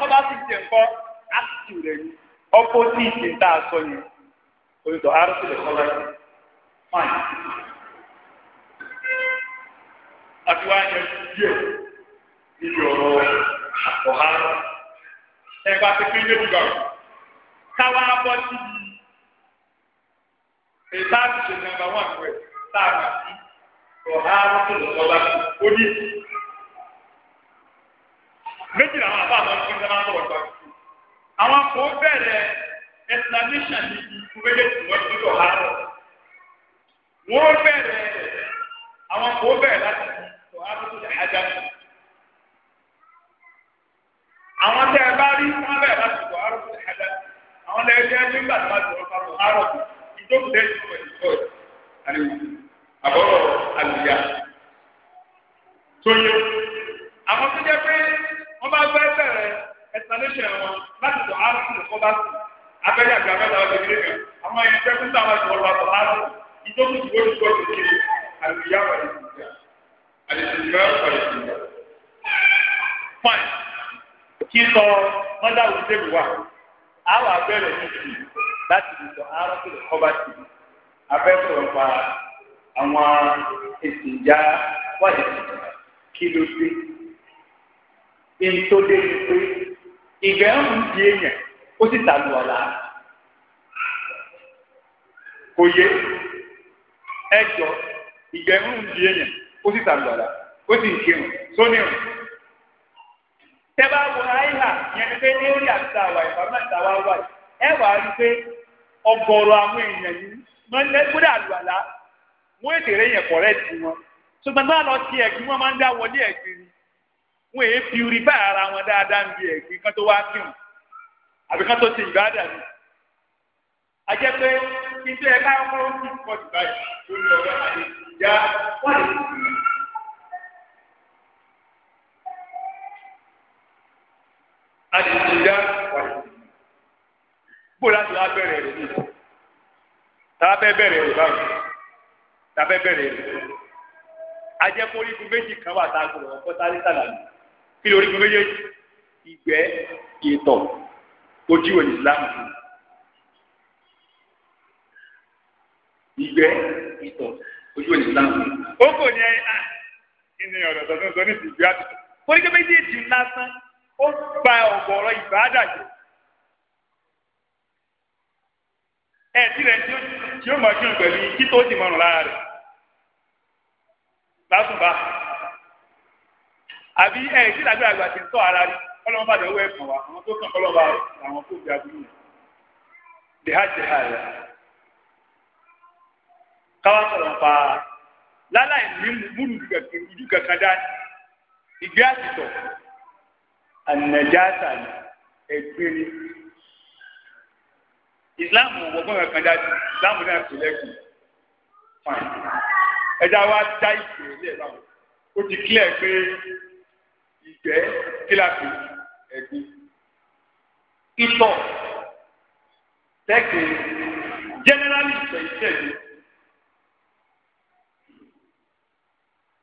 kọ́ bá ti áṣìṣì rẹ̀ ni ọkọ̀ tí ń tà sọ yẹn lè kọ́ àti wá yẹn díẹ̀ níbi ọ̀rọ̀ àkọ́há ẹ̀gbá ti pín méjì gbà káwá bọ́ sí i èyí tá nàmbà wà pẹ̀ tá a mà sí ọ̀há tó lọ́wọ́ bá kú ó ní méjì làwọn àbá àwọn ọmọ ìjọba sọ̀rọ̀ gbà àwọn kò bẹ̀rẹ̀ explanation ní ikú méjèèjì wọ́n ti lọ́wọ́ àárọ̀ wọ́n bẹ̀rẹ̀ àwọn kò bẹ̀rẹ̀ láti. ajá. àwọn tẹ ẹ bá rí wọn bẹ̀rẹ̀ bá ti bọ̀ arọ́pù ní ajá àwọn lẹ́yìn tẹ́ ẹ ní gbà tó bá ti rọ́pà bọ̀ arọ́pù ìjókòó tẹ́ ìjókòó àbọ̀rọ̀ àlùyá. tóyó àwọn tó jẹ́ pé wọ́n bá bẹ̀rẹ̀ wọn láti kan àwọn àdìsílẹ̀ àdìsílẹ̀ fine kí sọ mọ́tà òṣèlú wa àwọn abẹ́rẹ́ yìí láti lè sọ arákùnrin kọ́ba sí i abẹ́sọ̀rọ̀ pa àwọn ìsìnjá wáyé kí ló dé ntòdé ni pé ìgbẹ́ ń di èèyàn ó sì tàlù ọ̀la kò yé ẹjọ́ ìgbẹ́ ń di èèyàn ó sì sàlùwàlà ó sì ń kírun sónírun. tẹ́ bá wo àìhà yẹn ni pé éèrì àti àwà ìfàmì àti àwà wà ẹ wà á rí pé ọ̀gọ̀rọ̀ àwọn èèyàn yìí wọn lẹgbẹrẹ àlùwàlà wọn èdè rẹ yẹn kọrẹ tì wọn ṣùgbọ́n náà lọ ti ẹ̀gbin wọn máa ń dá wọlé ẹ̀gbin ni wọn èé purify ara wọn dáadáa ń bi ẹ̀gbin kan tó wá kírun àbí kan tó ti ìgbádà ni a jẹ́ pé kí n tó yẹ ká ti pọ̀ jù báyìí lórí ọ̀rọ̀ àdéhùn já wọ́n lè kú. a lè kú já wọ́n lè kú. bó láti wá bẹ̀rẹ̀ rẹ̀ nìyí tàbá bẹ́ẹ̀ bẹ̀rẹ̀ rẹ̀ báyìí tàbá bẹ́ẹ̀ bẹ̀rẹ̀ rẹ̀ ajẹ́kọ̀ọ́rí fún méjì kan wà tá a gbọ̀rọ̀ ọ̀pọ̀ tá a lè sàlàyé kí lórí fún méjèèjì ìgbẹ́ ìtọ̀ ojú ìwé ìsìlámù ìgbẹ́ ìtọ̀ o kò ní à ah, kí ni ọ̀rọ̀ tó ń sọ ní ìdìbò àtúntò. oríkè méjèèjì lásán ó gba ọ̀gọ̀ọ̀rọ̀ ìbádàjẹ́. ẹ tí rẹ tí ó máa kírun pẹ̀lú kí tó ti mọ̀rùn lára rẹ̀ lásùnbà àbí ẹ àgbà wa àwọn tó kàn káwá sọ̀rọ̀ pa láláì ní múlù ojú kankan dání ìgbé àtìtọ̀ ànàjáàtà ẹgbẹ́ ni islam wọgbọn kankan dání islam náà kò lẹ́kùn fain ẹja wa dá ìgbẹ́ ilé ẹ̀ e báwọn ó ti kílẹ̀ pé ìgbẹ́ kíláàpì ẹ̀gbẹ́ ìtọ̀ tẹ́kẹ̀ẹ́ jẹ́nẹ́rálì ìgbẹ́ ìṣẹ̀lẹ̀.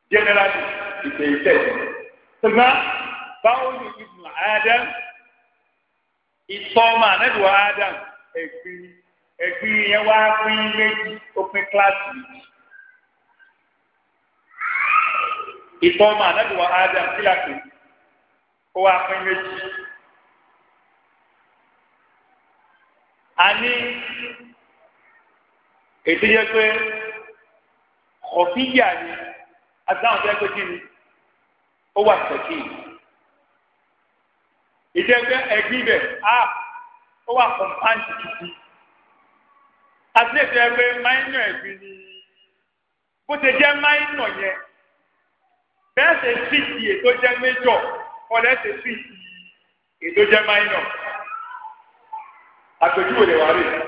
generally ìpè ìtẹ̀sí. ṣùgbọ́n báwo ni ibùn adam ìtọ́ ọmọ ànádùn adam ẹ̀gbìn ẹ̀gbìn yẹn wá pín méjì ó pín kíláàsì méjì. ìtọ́ ọmọ ànádùn adam kíláàsì ó wá pín méjì. a ètò yẹ pé kọfíyà ni àtàwọn tó yẹ pé kí ni ó wà sẹ́kì ìjẹ́gbẹ́ ẹ̀gbin bẹ̀ á ó wà kọ̀m̀páǹtì títí àti ètò ẹgbẹ́ máínà ẹ̀gbin ni bó ṣe jẹ́ máínà yẹn bẹ́ẹ̀ ṣe fìtì ètò jẹ́ méjọ̀ ọ̀lẹ́ ṣe fìtì ètò jẹ́ máínà àpèjúwe lè wà rèé.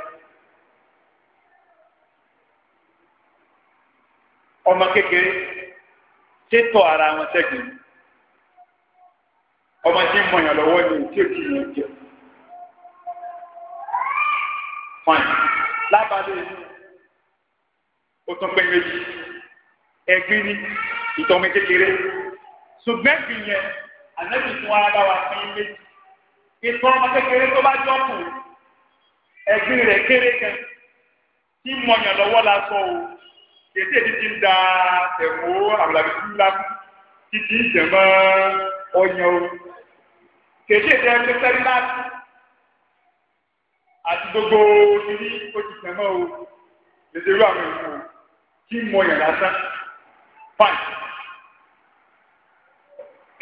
ọmọ kékeré tètò ara wọn sẹ́gun ọmọ tí ń mọ ìyàn lọ́wọ́ ni tí ò tí ì yàn jẹ. fine lábàlẹ̀ inú ó tún pé méjì ẹ̀gbin ní ìtọ́mọ kékeré ṣùgbọ́n ẹ̀gbin yẹn àlẹ́bí fún wa wa pín méjì ìtọ́ kékeré tó bá jọ kù ẹ̀gbin rẹ̀ kéré gan tí mọ ìyàn lọ́wọ́ la sọ o ètí èdè ti ń da ẹ̀fọ́ àbùlàbí ńlá títí ìjẹ̀mọ́ ọ̀yàn o kèdè tẹ ẹgbẹ́ sẹ́rí láti àti gbogbo ìní ó ti jẹ̀mọ́ o lèdè irú àwọn èèyàn o kí n mọ yàn lásán fine.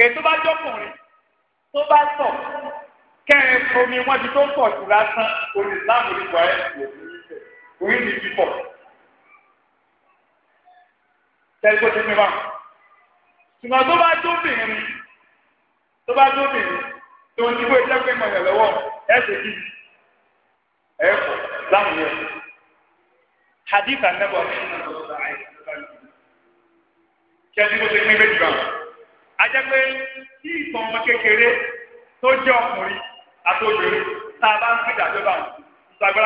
ètò bá jọkùnrin tó bá sọ kẹrin fomi wọn ti tó pọ̀ jù lásán olùsàmùlùkọ ẹ̀ kò ní fífọ̀. tẹ́gbẹ́ tó mímọ́. Ṣùgbọ́n tó bá tó bìnrin tó bá tó bìnrin tó ń dìbò mọ̀lẹ́ lọ́wọ́ ẹ̀sẹ̀ ẹ̀ kọ̀ yẹn. ní kẹ́sí bó ṣe pín méjì bá Ajẹ́pẹ́ tí ìtàn ọmọ kékeré tó jẹ́ ọkùnrin àtòjòrè tá a bá ń gbèdà tó bá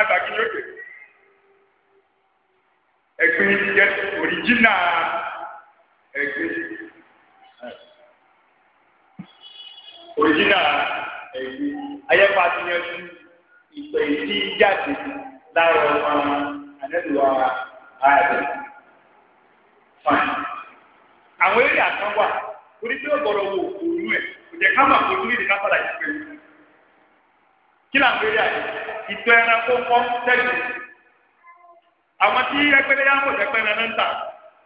òrìjínà. ẹgbẹ́ òjìnà ẹgbẹ́ ayẹ́pá ti yẹn fún ìpè tí jáde lára ọmọ anẹ́lùwà ààrẹ fain. àwọn eré àkàn wà torí pé ọ̀gọ̀rọ̀ òòlù ẹ̀ kò jẹ́ ká máa fojú nídìí kápálà yìí kí là ń gbé yà ìtọ́ ẹranko kọ́ sẹ́yìn àwọn tí ń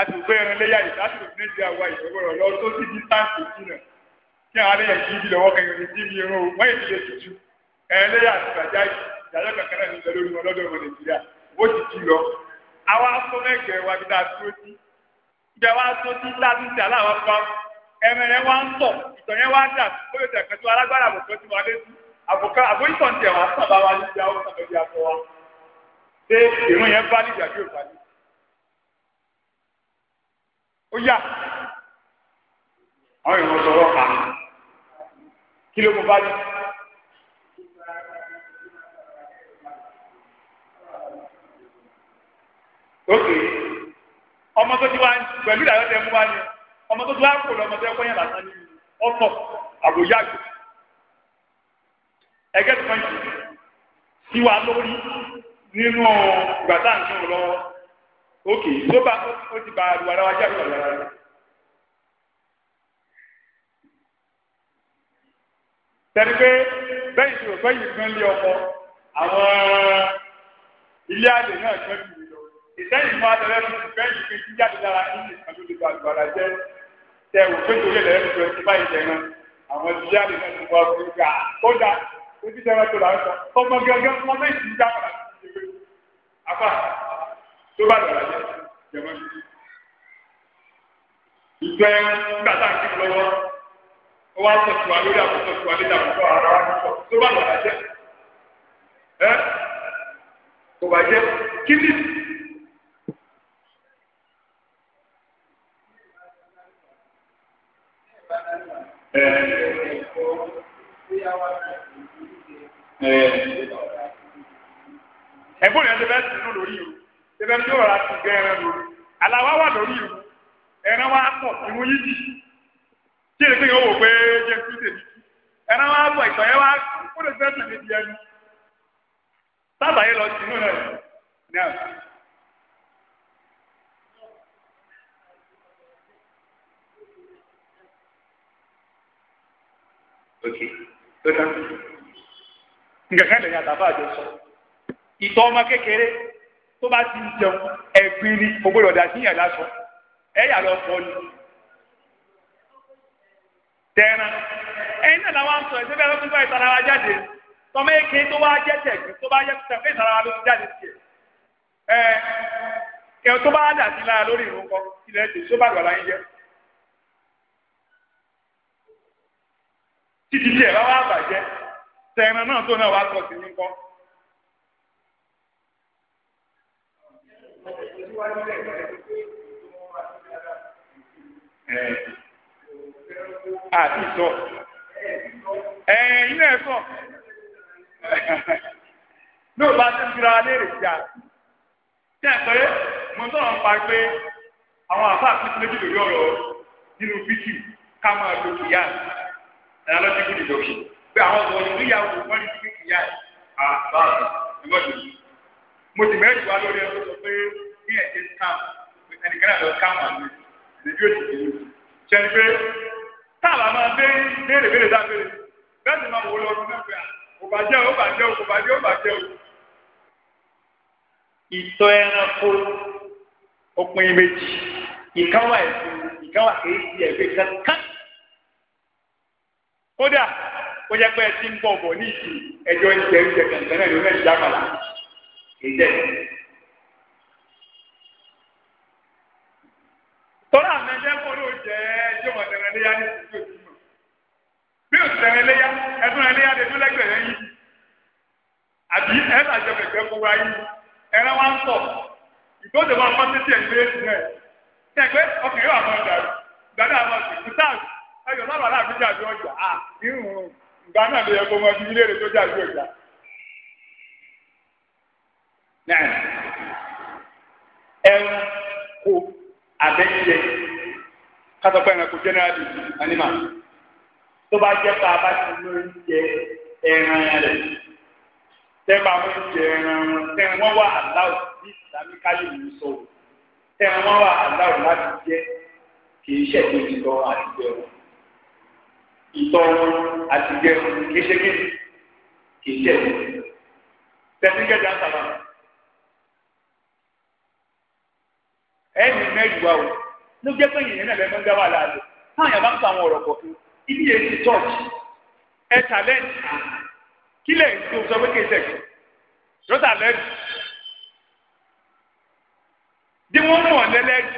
àtùgbẹ́ ẹran léyà ìdásùn ní ti àwa ìṣòwòrán lọ tó sì dísáǹsì jìnnà kí àwọn alẹ́ yẹn kì í bí lọ́wọ́ kẹyìn ní tí mi rún o wọ́n yìí lè tutù ẹran léyà àtìbàjá ìdájọ́ kankan náà ní ìbẹ̀ lórí wọn lọ́dọ̀ ọmọ nàìjíríà ó ti jù lọ. àwa sọ mẹ́gbẹ̀ẹ́ wa bí dáa tó ti ìgbà wa tó ti láti ti aláwọ̀ pa ẹ̀mẹ̀ yẹn wá ń tọ̀ ìtọ̀ yẹn wá dà ó yóò tẹ̀ kẹtù alágbára ó yá àwọn èèyàn sọ̀rọ̀ kà kí ló mo bá yí. ókè ọmọ tó ti wá pẹ̀lú ìdájọ́ tẹ mú wá ni ọmọ tó ti wá kò lọ ọmọ tó yẹ kó yẹn lásán ni ọmọ àbòyá àgbẹ̀ ẹgẹ́ tó kàn yìí sí wa lórí nínú ìgbà tá à ok tó bá ó ti bá àlùwà náà wájà lọ lára tẹni pé bẹ́ẹ̀ ìṣòro pé yìí gan lé ọkọ àwọn ilé àlè náà jẹ́ kiri lọ ìtẹ́yìn fún adẹ́rẹ́ ló ti bẹ́ẹ̀ yìí pé kí jáde lára ní ìkan tó lè ba àlùwà rà jẹ́ tẹ òfin tó lè lẹ́yìn tó ti báyìí lẹ́yìn náà àwọn ilé àlè náà ti wá fún ìgbà kódà ó ti tẹ́wọ́ tó là sọ ọmọ gẹ́gẹ́ ọmọ dá padà tó bá dàgbà jẹ jẹmọ ìtọ́ ẹ gbàtà kí n ó wá sọ̀tù wa lórí àkókò wa lórí àkókò ara wa sọ̀ tó bá dàgbà jẹ ẹ kò bá jẹ kí ni. ti bẹ́ẹ̀ lórí o. ṣẹbẹ ní yóò ra ti gẹ ẹran lórí aláwa wà lórí ìlú ẹran wa pọ̀ ìmú yìí jì tí èdè yóò wò pé jẹ kú tèmi wa pọ̀ ìtọ̀ yẹn wa kó lè fẹ́ tẹ̀lé di ẹnu sábà yẹn lọ sí inú rẹ̀ náà. ok tó dáa nǹkan kan lè yàn tó bá ti ń jẹun ẹ̀gbin ni kò gbọdọ̀ dà síyàn lásọ ẹ̀yà lọ fọ ni. tẹ̀ràn ẹ̀yin náà làwọn sọ ẹ̀sẹ̀ bẹ́ẹ̀ ló tún bá ìtara wa jáde tọmọ èké tó wá jẹ́ tẹ̀gbin tó bá yẹ tẹ̀gbin ìtara wa ló ti jáde tiẹ̀. ẹ kẹ̀ tó bá dà sí lára lórí ìrún kan ilẹ̀ èdè tó bá lọ láyé jẹ́. títí tiẹ̀ bá wà bàjẹ́ tẹ̀ràn náà tó náà wà kọ̀ sí ní kan. síwájú rẹ̀ àti sọ ilé ẹ̀kọ́ lóò bá ti fira léèrè sí à ẹ̀ mo pa pé àwọn àfáà pín méjì lórí ọ̀rọ̀ nínú ká máa lo pé àwọn wọ́n ní bí ẹ̀ ṣe ẹnìkan àlọ́ scam àmì ìdíjú òṣìṣẹ́ yìí ṣẹ́ni pé táàbà máa béèrè béèrè dábèrè bẹ́ẹ̀ máa wò ọdún náà pé kò bàjẹ́ o bàjẹ́ o kò bàjẹ́ o bàjẹ́ o. ìtọ́ ẹranko òpin méjì ìkáwà ẹ̀sìn ìkáwà kéèké ẹ̀gbẹ́ kankan kódà ó yẹ pé ẹ ti ń bọ̀ bọ̀ ní ìsìn ẹjọ́ ìjẹ́ ìjẹ́ kankan náà tọ́lá àmẹ́jẹ́ kó ló jẹ́ tí wọ́n tẹ̀rẹ̀ léyà ní ìsìnkú bí o tẹ̀rẹ̀ léyà ẹ̀dún rẹ̀ léyà lẹ́dún lẹ́gbẹ̀rẹ̀ yìí àbí ẹ̀ẹ́dà jẹ̀bẹ̀ gbẹ́ fún wa yìí ẹ̀rẹ́ wa ń ìgbọ́dọ̀ títí ẹ̀gbẹ́ ẹ̀sìn rẹ̀ ọkùnrin yóò àwọn ọjà àwọn ọ̀sìn yẹ ẹ̀rù kò abẹ́yẹ kátàpá ẹranko generally animal tó bá jẹ́ pé a bá ti ló ń jẹ ẹran rẹ̀ tẹ́gbà wọ́n ń jẹ ẹran wọn tẹ́ran wọn wà aláwọ̀ bí ìsàmì káyọ̀ yìí sọ tẹ́ran wọn wà aláwọ̀ láti jẹ kì í ṣẹ̀ tó ti lọ àti jẹ wọn ìtọ́ wọn àti jẹ wọn kì í ṣe kí kì í ṣẹ̀ wọn tẹ̀sí kẹjà sábà. ẹni mẹ́rin wa o ló jẹ́ pé yìnyín náà lẹ́nu ń dá wà láàlú táwọn yàrá ń pa àwọn ọ̀rọ̀ kọ̀ọ̀kan ibi yẹn ti tọ́ọ̀jì ẹ tàlẹ́ǹtì kílẹ̀ tó sọ pé kéṣẹ̀ rọ́tà lẹ́nu bí wọ́n mọ̀ lẹ́lẹ́dì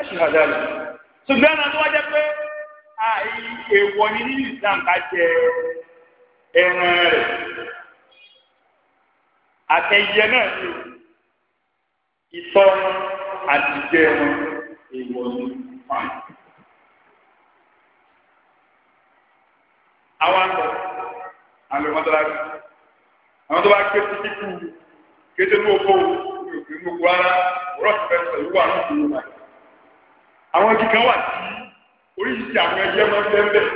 aṣèwádà lọ ṣùgbọ́n àwọn tó wá jẹ́ pé àì èèwọ̀ ni nínú Islam ká jẹ ẹran rẹ̀ àtẹ̀yẹ náà ni ìtọ́ wọn àtijọ́ wọn èèwọ̀ ní fà. àwọn àtọ àlọ mọtàlásì àwọn tó bá ké títí kú kété ní oko ìlú oko ara rọọsì fẹsẹ ìwà ní ìlú wa àwọn igi kan wà tí oríṣiríṣi àwọn ẹyẹ máa ń bẹ́ẹ̀ bẹ́ẹ̀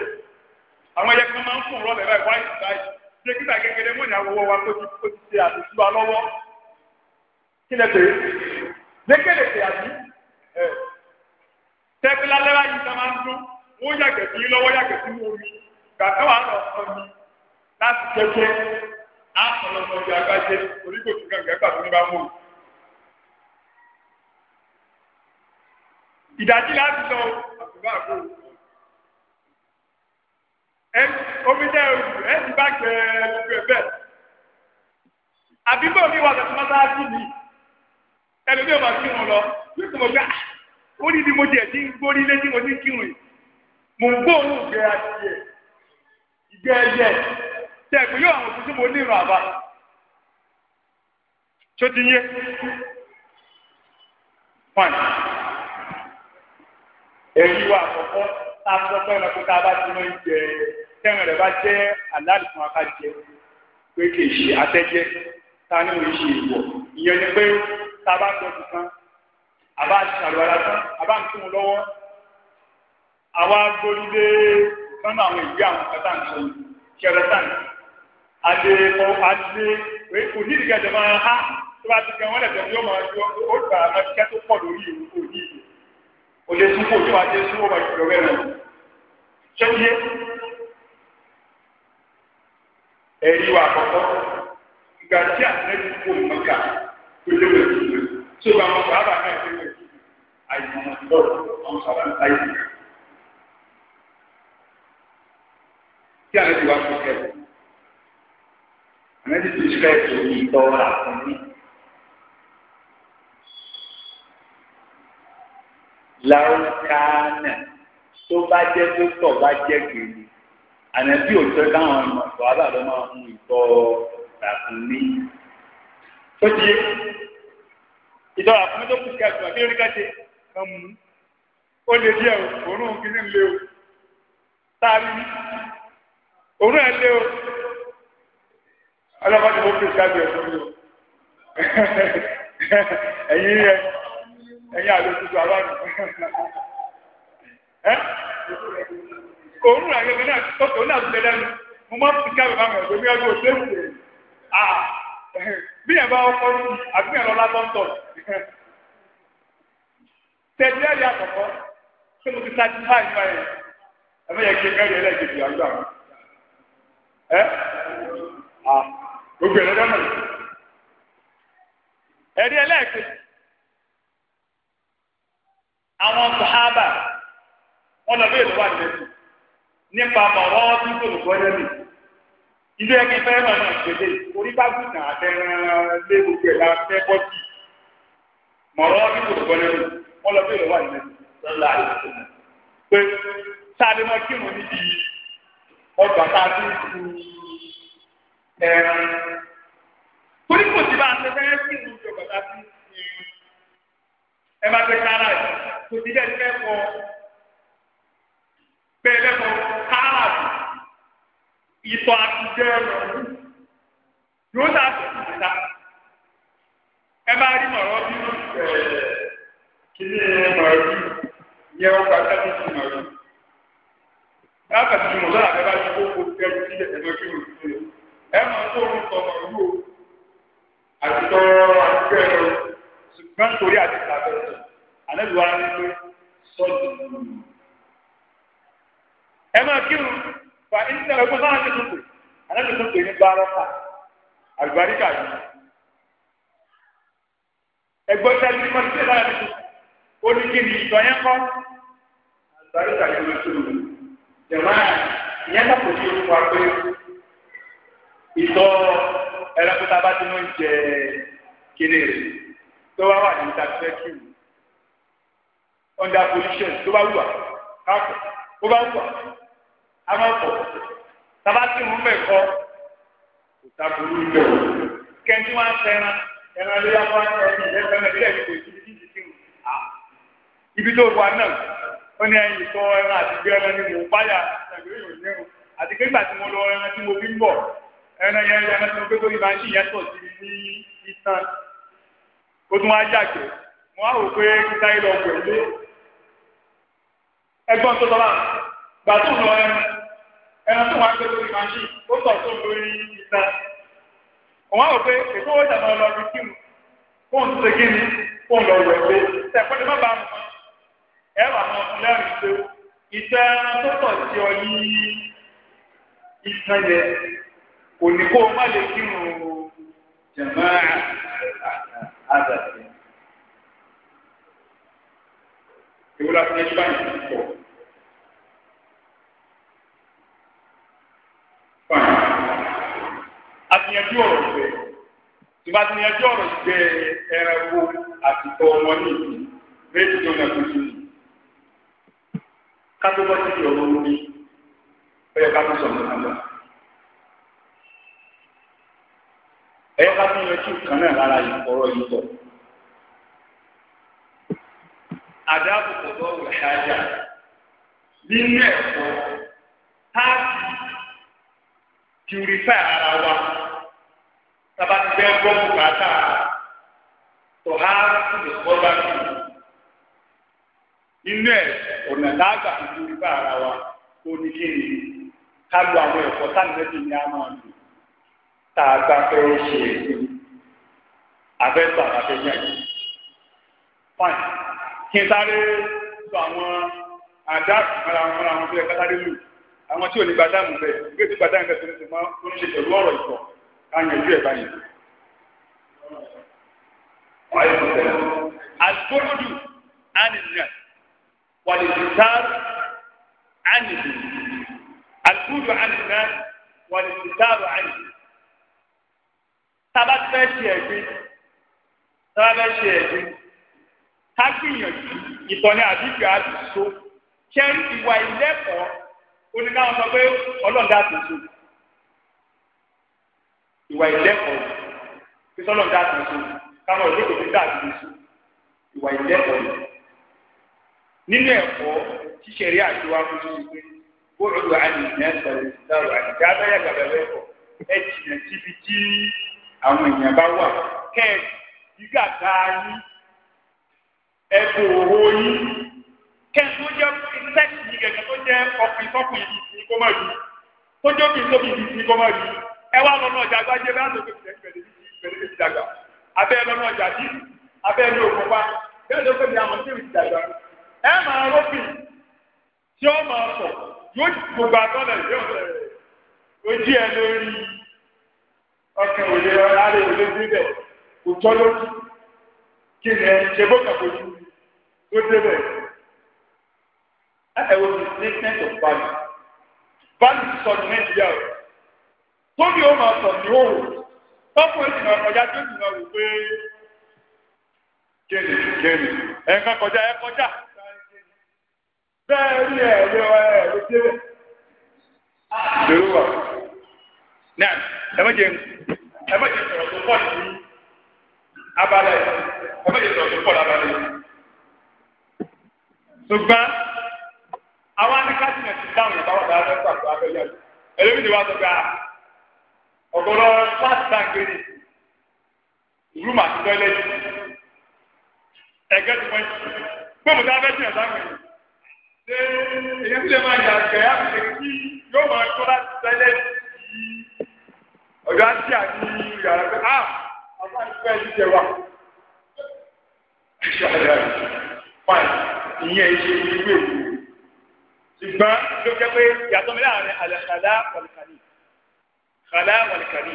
àwọn ẹyẹ kan máa ń fún rọọlẹ̀ báyìí wáyé báyìí ṣé kíta kékeré mọ́ni àwòwọ́ wa tó ti tó ti ṣe àtúntò wa lọ́wọ́ kí lẹ pè é lékèlè tẹ àbí ẹ tẹbílà lẹ́la yìí tá máa ń dún wọ́n yàgẹ̀ sí lọ́wọ́ yàgẹ̀ sí mú omi gàtẹ́ wàá lọ sọ mi láti kẹ́kẹ́ á sọ lọ sọ ìyá àgbájẹ orígbò tó gàngẹ́ gbà tó ìdájí láti lọ àtúbà àgbo ẹ omi tẹ ẹ ẹ ti bá gbẹ gbẹ bẹ́ẹ̀ àbíkó mi wà lọ sí mọ́tàlá sí mi ẹlòmíì ọmọ kírun lọ bí kò mọ gbà ó ní ní mo jẹ tí ń gbórí lé tí mo ti kírun yìí mò ń gbóhùn ìgbẹ́ adìyẹ ìgbẹ́ ẹyẹ tẹ̀gbẹ́ yóò àwọn òkú tí mo ní ìrọ̀ àbá tó ti yé fine èyí wà àkọ́kọ́ tá a sọ pé ẹranko tá a bá ti lọ jẹ tẹ́ràn rẹ̀ bá jẹ́ aláàlú fún aká jẹ pé kì í ṣe atẹ́jẹ́ tá a ní òun ṣe ìwọ̀ ìyẹn ni pé tába gbẹdù kan àbá àlùwàlà tán àbá ń tún un lọ́wọ́ àwa gbólídé sọ́nà àwọn ìwé àwọn kọ́tà ń sọ ṣẹlẹ̀tàn adé ọ adé kò ní ìdíkẹ́jọ máa há tó bá ti kẹ́ wọ́n lẹ̀jọ́ yóò máa yọ ó gbà máa kẹ́ tó pọ̀ lórí ìwé kò ní ìwé kò lè tún kó tó adé tún ó máa yọ bẹ́ẹ̀ lọ. ṣé iye ẹ̀rí wa àkọ́kọ́ ìgbà tí àtẹ́jú kò mọ̀ká tó léwèé tí o bá wọn sọ àbá náà ṣe wẹ̀ àìmọ̀nà lọ́rọ̀ wọn sábà ń táyé. tí a lè ti wá fún kẹ́kọ̀ọ́ àmẹ́tí tó ṣe kẹ́kọ̀ọ́ yìí tọ́wọ́ àkọ́ní. lárúkánà tó bá jẹ́ tó tọ̀ bá jẹ́ kiri ànàbí òtọ́ táwọn ọmọ ìfọ̀ àbàlọ́ máa ń mú ìtọ́ ràkúnmí. ó ti yé ìjọba fún tó kù sí àgbà bí orí káṣe kan mú ó lè díẹ̀ o òórùn kìíní lé o táàrí òórùn ẹ̀ lé o ọlọ́pàá ti kó kù sí àgbà ẹ̀sùn mi o ẹ̀yin yẹ ẹ̀yin àlòkùtù aláàánú ẹ́ òórùn àgbẹ̀gbẹ̀ náà tó tó náà tó lẹ́nu mo máa ń fi káàbẹ̀ bá mi ọ̀gbẹ́ mi ọdún òṣèlú rẹ̀ ah! bí ẹ bá ọkọ sí àbí ẹ̀ lọ lábọ́ńtọ̀ tẹ̀lé ẹ̀rí àkọ́kọ́ tí mo ti satisfy báyìí ẹ bẹ́ẹ̀ yẹ kí ẹ̀rí ẹlẹ́ẹ̀kejì àgbà ẹ à gbogbo ẹ̀rọ dáná àwọn sàhábà wọn lọ nípa tí kò lùkọ́ yẹn mi ilé ẹgbẹ́ fẹ́ẹ́ oníbàbùkà àtẹ̀rán lé gbogbo ẹ̀ láti fẹ́ bọ́ sí. mọ̀rọ́ ní kò gbọ́ lẹ́nu wọ́n lọ bẹ́ẹ̀ wà nílẹ̀ lọ́la àlùfẹ́. pé sáré mọ́ kírun níbi ọgbà tá a ti ń tu ẹran. torí kò sí bá a ṣe fẹ́ kírun ní ọgbà tá a ti ń tu ẹ máa fẹ́ sára ẹ̀ kò sí bẹ́ẹ̀ fẹ́ kọ́ bẹ́ẹ̀ lẹ́kọ̀ọ́ kárà ìtọ̀ àtijọ́ ẹ̀rọ yóò dà sí ìdílá ẹ bá rí mọ̀rọ́ bí kíní mọ̀rọ́ bí yẹ wọ́n pa sábì sí mọ̀rọ́ bí. láti ṣe mọ̀ lọ́la ẹ bá ṣe kókó ẹrú sílẹ̀ ẹ mọ̀ kí wọ́n ti lè ẹ mọ̀ tó ń sọ mọ̀rọ́ bí o àti àti ṣùgbọ́n torí àti tàbẹ̀ pé sọ́ọ̀tì fa kó sáà ti pè pè ní àlùbáríkà yìí ẹgbẹ́ sẹ́yìn tí wọ́n ti lára ní ni ìtọ́ yẹn kọ́ àlùbáríkà yìí ló tó lò jẹ̀mọ́ ìyẹn náà kò sí orúkọ pé ìtọ́ ẹlẹ́kùtà bá ti ń jẹ kéde rẹ̀ tó wá wà ní ìtàkùnfẹ́kì under position tó bá wù wá tó bá wù wá ìtàkùrú ìjọ kẹntì wọn sẹran ẹran léyà wọn ẹni ìlẹsẹrẹ ìbílẹ̀ ìdìbò ìdílé ìdílé ti rù á ibi tó wà náà ó ní ẹyin ìtọ ẹran àti ìgbé ẹran ni mò ń báyà ìtàgbé yòó ní o àti pé ìgbà tí mo lọ ẹran tí mo fi ń bọ̀ ẹran yẹn ẹran tí mo gbé sórí máa ń ṣì yẹn sí ní ìtàn ó tún wá jàgbé mo á rò náà òun àwọn pé ètò owó ìjàmbá lọ rí kírun fóun tó ṣe kíni fóun lọ wẹ̀ pé tẹ̀kọ́tẹ̀ má bàa mọ̀ ẹ wà mọ̀ fún lẹ́rìí pé ìtẹ́ ẹran tó tọ̀ sí ọ yí ìtàn yẹ kò ní kó o má lè kírun jàmbá àdàtì. ewu la fún ẹjú báyìí pọ̀. Fine àtìyànjú ọ̀rọ̀ ìgbẹ́ ìgbà àtìyànjú ọ̀rọ̀ ìgbẹ́ ẹranko àti tọ́ wọn ní ìlú méjì tó nà tó sùn. kátó bá ti di ọ̀rọ̀ omi ẹ̀yọ kátó sọ̀rọ̀ nàgbà. ẹ̀yọ kátó yanjú kan náà lára ìkọ̀rọ̀ yìí tọ̀. àdáàbò kò bọ́ wẹ̀ ṣáájà nínú a táàkì purify ara wa sábà ti fẹ́ gbọ́ bùkátà tó há lè kọ́ bá mi. inú ẹ̀ ọ̀nà dáàgbà tuntun nípa ara wa ó ní kí ni ká lo àwọn ẹ̀kọ́ tánilẹ́bí ni a máa lò tá a gbá fẹ́ ṣe èso abẹ́tọ̀ àbẹ́yẹ yìí. fine kí n sáré sọ àwọn àdáàbò mọ́ra wọn mọ́ra tó yẹ ká àwọn tí ò ní gbàdámù bẹ́ẹ̀ gbé tí bẹ́ẹ̀ tó ń ṣe pẹ̀lú ọ̀rọ̀ ìtọ̀ àyànjú ẹ̀ báyìí. àtúndù ànìyàn wàlìsítàr ànìyàn àtúndù ànìyàn wàlìsítàr ànìyàn. tábà fẹ́ ṣe ẹ̀gbin tábà fẹ́ ṣe ẹ̀gbin ká gbìyànjú ìtọ́ni àbíkẹ́ àdùsó ṣẹ́rí ìwà ilé ẹ̀kọ́ oníkàwọn sọ pé ọlọ́ọ̀dà àtúnṣe ìwà ìlẹ́kọ̀ọ́ tí sọ́nà dá ti sùn káwọn òde kò ti dá ti sùn ìwà ìlẹ́kọ̀ọ́ nínú ẹ̀kọ́ ṣíṣẹ̀rí àti wa kó tó ti pé kó lọ́dọ̀ àyè ìyẹn sọ̀rọ̀ àti abẹ́yẹ gàbẹ́rẹ́ kọ̀ ẹ jìnà síbi tí àwọn èèyàn bá wà kẹ́ ẹ gíga ta yín ẹ kò owó yín kẹ́ ẹ tó jẹ́ sẹ́ẹ̀kì yìí kẹ́kẹ́ tó jẹ́ ọkùnrin sọ́kùnrin yìí kó má rí tó jẹ́ obìnrin sóbìnrin yìí kó má rí ẹ wá lọ́nà ọjà agbájẹ bá lọ́nà ọjà pẹ̀lú ti dàgbà abẹ́ lọ́nà ọjà bí abẹ́ ní òkun wa bẹ́ẹ̀ ló fẹ́mi àwọn tí ò ti dàgbà ẹ máa rọ́bì tí ó máa sọ yóò gbogbo àtọ́lẹ̀ yóò ojú ẹ lórí ọkàn òde ara òde débẹ̀ kò tọ́ lójú kí ni ẹ ṣe bó kà kojú tó débẹ̀ ẹ wo business of value value sọ ní Nàìjíríà o. tóbi ó máa sọ ní òwò tọkùnrin sì máa kọjá tó sì máa wò pé kéènì kéènì ẹ̀ka kọjá ẹ kọjá bẹ́ẹ̀ ẹ má jẹ ẹ má jẹ sọ̀rọ̀ tó pọ̀ abalẹ̀ ẹ má jẹ sọ̀rọ̀ tó pọ̀ lábalẹ̀ ṣùgbọ́n àwọn ti dáhùn a. Ah, ọ̀gọ̀rọ̀ kíláàsì náà gbére rúùm àti tọ́lẹ́tì ẹ̀gẹ́ ti wọ́n ti gbọ́mù tá a fẹ́ tìyàn sáwọn èèyàn ṣé èèyàn tilẹ̀ máa yà gẹ̀ á fi kí yóò máa tó láti tọ́lẹ́tì yìí ọ̀dọ̀ àti àti yàrá pé á àwọn àti fẹ́ ti tẹ̀ wá. Ṣé àyà rẹ̀ fáìn ìyẹn ìṣe ìlú èkó ṣùgbọ́n ló jẹ́ pé yàtọ̀ mi láàrin àlẹ́ àlá ọ̀lẹ́kàlẹ́ kàlá wàlìkàrí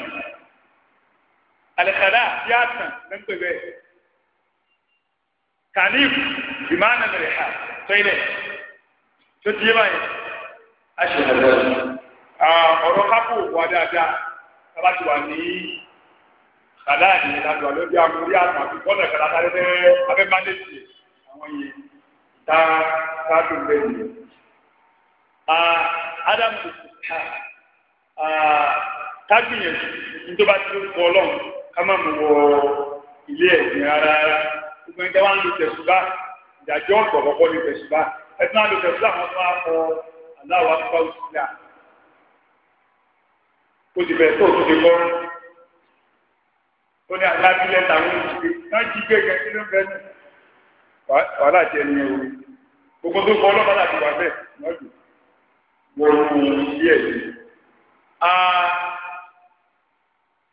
àlìkàlá yàtàn ló ń pè bẹ́ẹ̀ kàlíf ìmáàna lè ha tẹ́lẹ̀ tó ti yé báyìí a ṣe ọ̀rọ̀ kápò wà dáadáa tábà ti wà ní kàlá yìí láti wà lórí àmúrí àtàn àti bọ́ọ̀lù kàlá tá a lè fẹ́ abẹ́ máa lè ṣe àwọn yìí tá a tó bẹ́ẹ̀ Adamu ha kágbìyànjú nítorí bá ti ń kọ ọlọ́run ká má mú wọ ilé ẹ̀sìn rárá gbogbo ẹni tó wá ń lo tẹ̀sùbá ìdájọ́ ọ̀tọ̀ kọ́kọ́ ní tẹ̀sùbá ẹtún àlò tẹ̀sùbá wọn tún á kọ aláwọ̀ akọ́kọ́ òṣìṣẹ́ à o ti bẹ̀ tó ti kọ́ ó ní alábílẹ̀ táwọn ìjìgbé náà jí gbé gẹ̀ẹ́sì ló ń bẹ́ẹ̀ ní wàhálà jẹ́ ni o gbogbo tó kọ́ ọlọ́pàá láti wà bẹ́ẹ̀ lọ́dún wọ́n mú ilé ẹ̀sìn. Ah,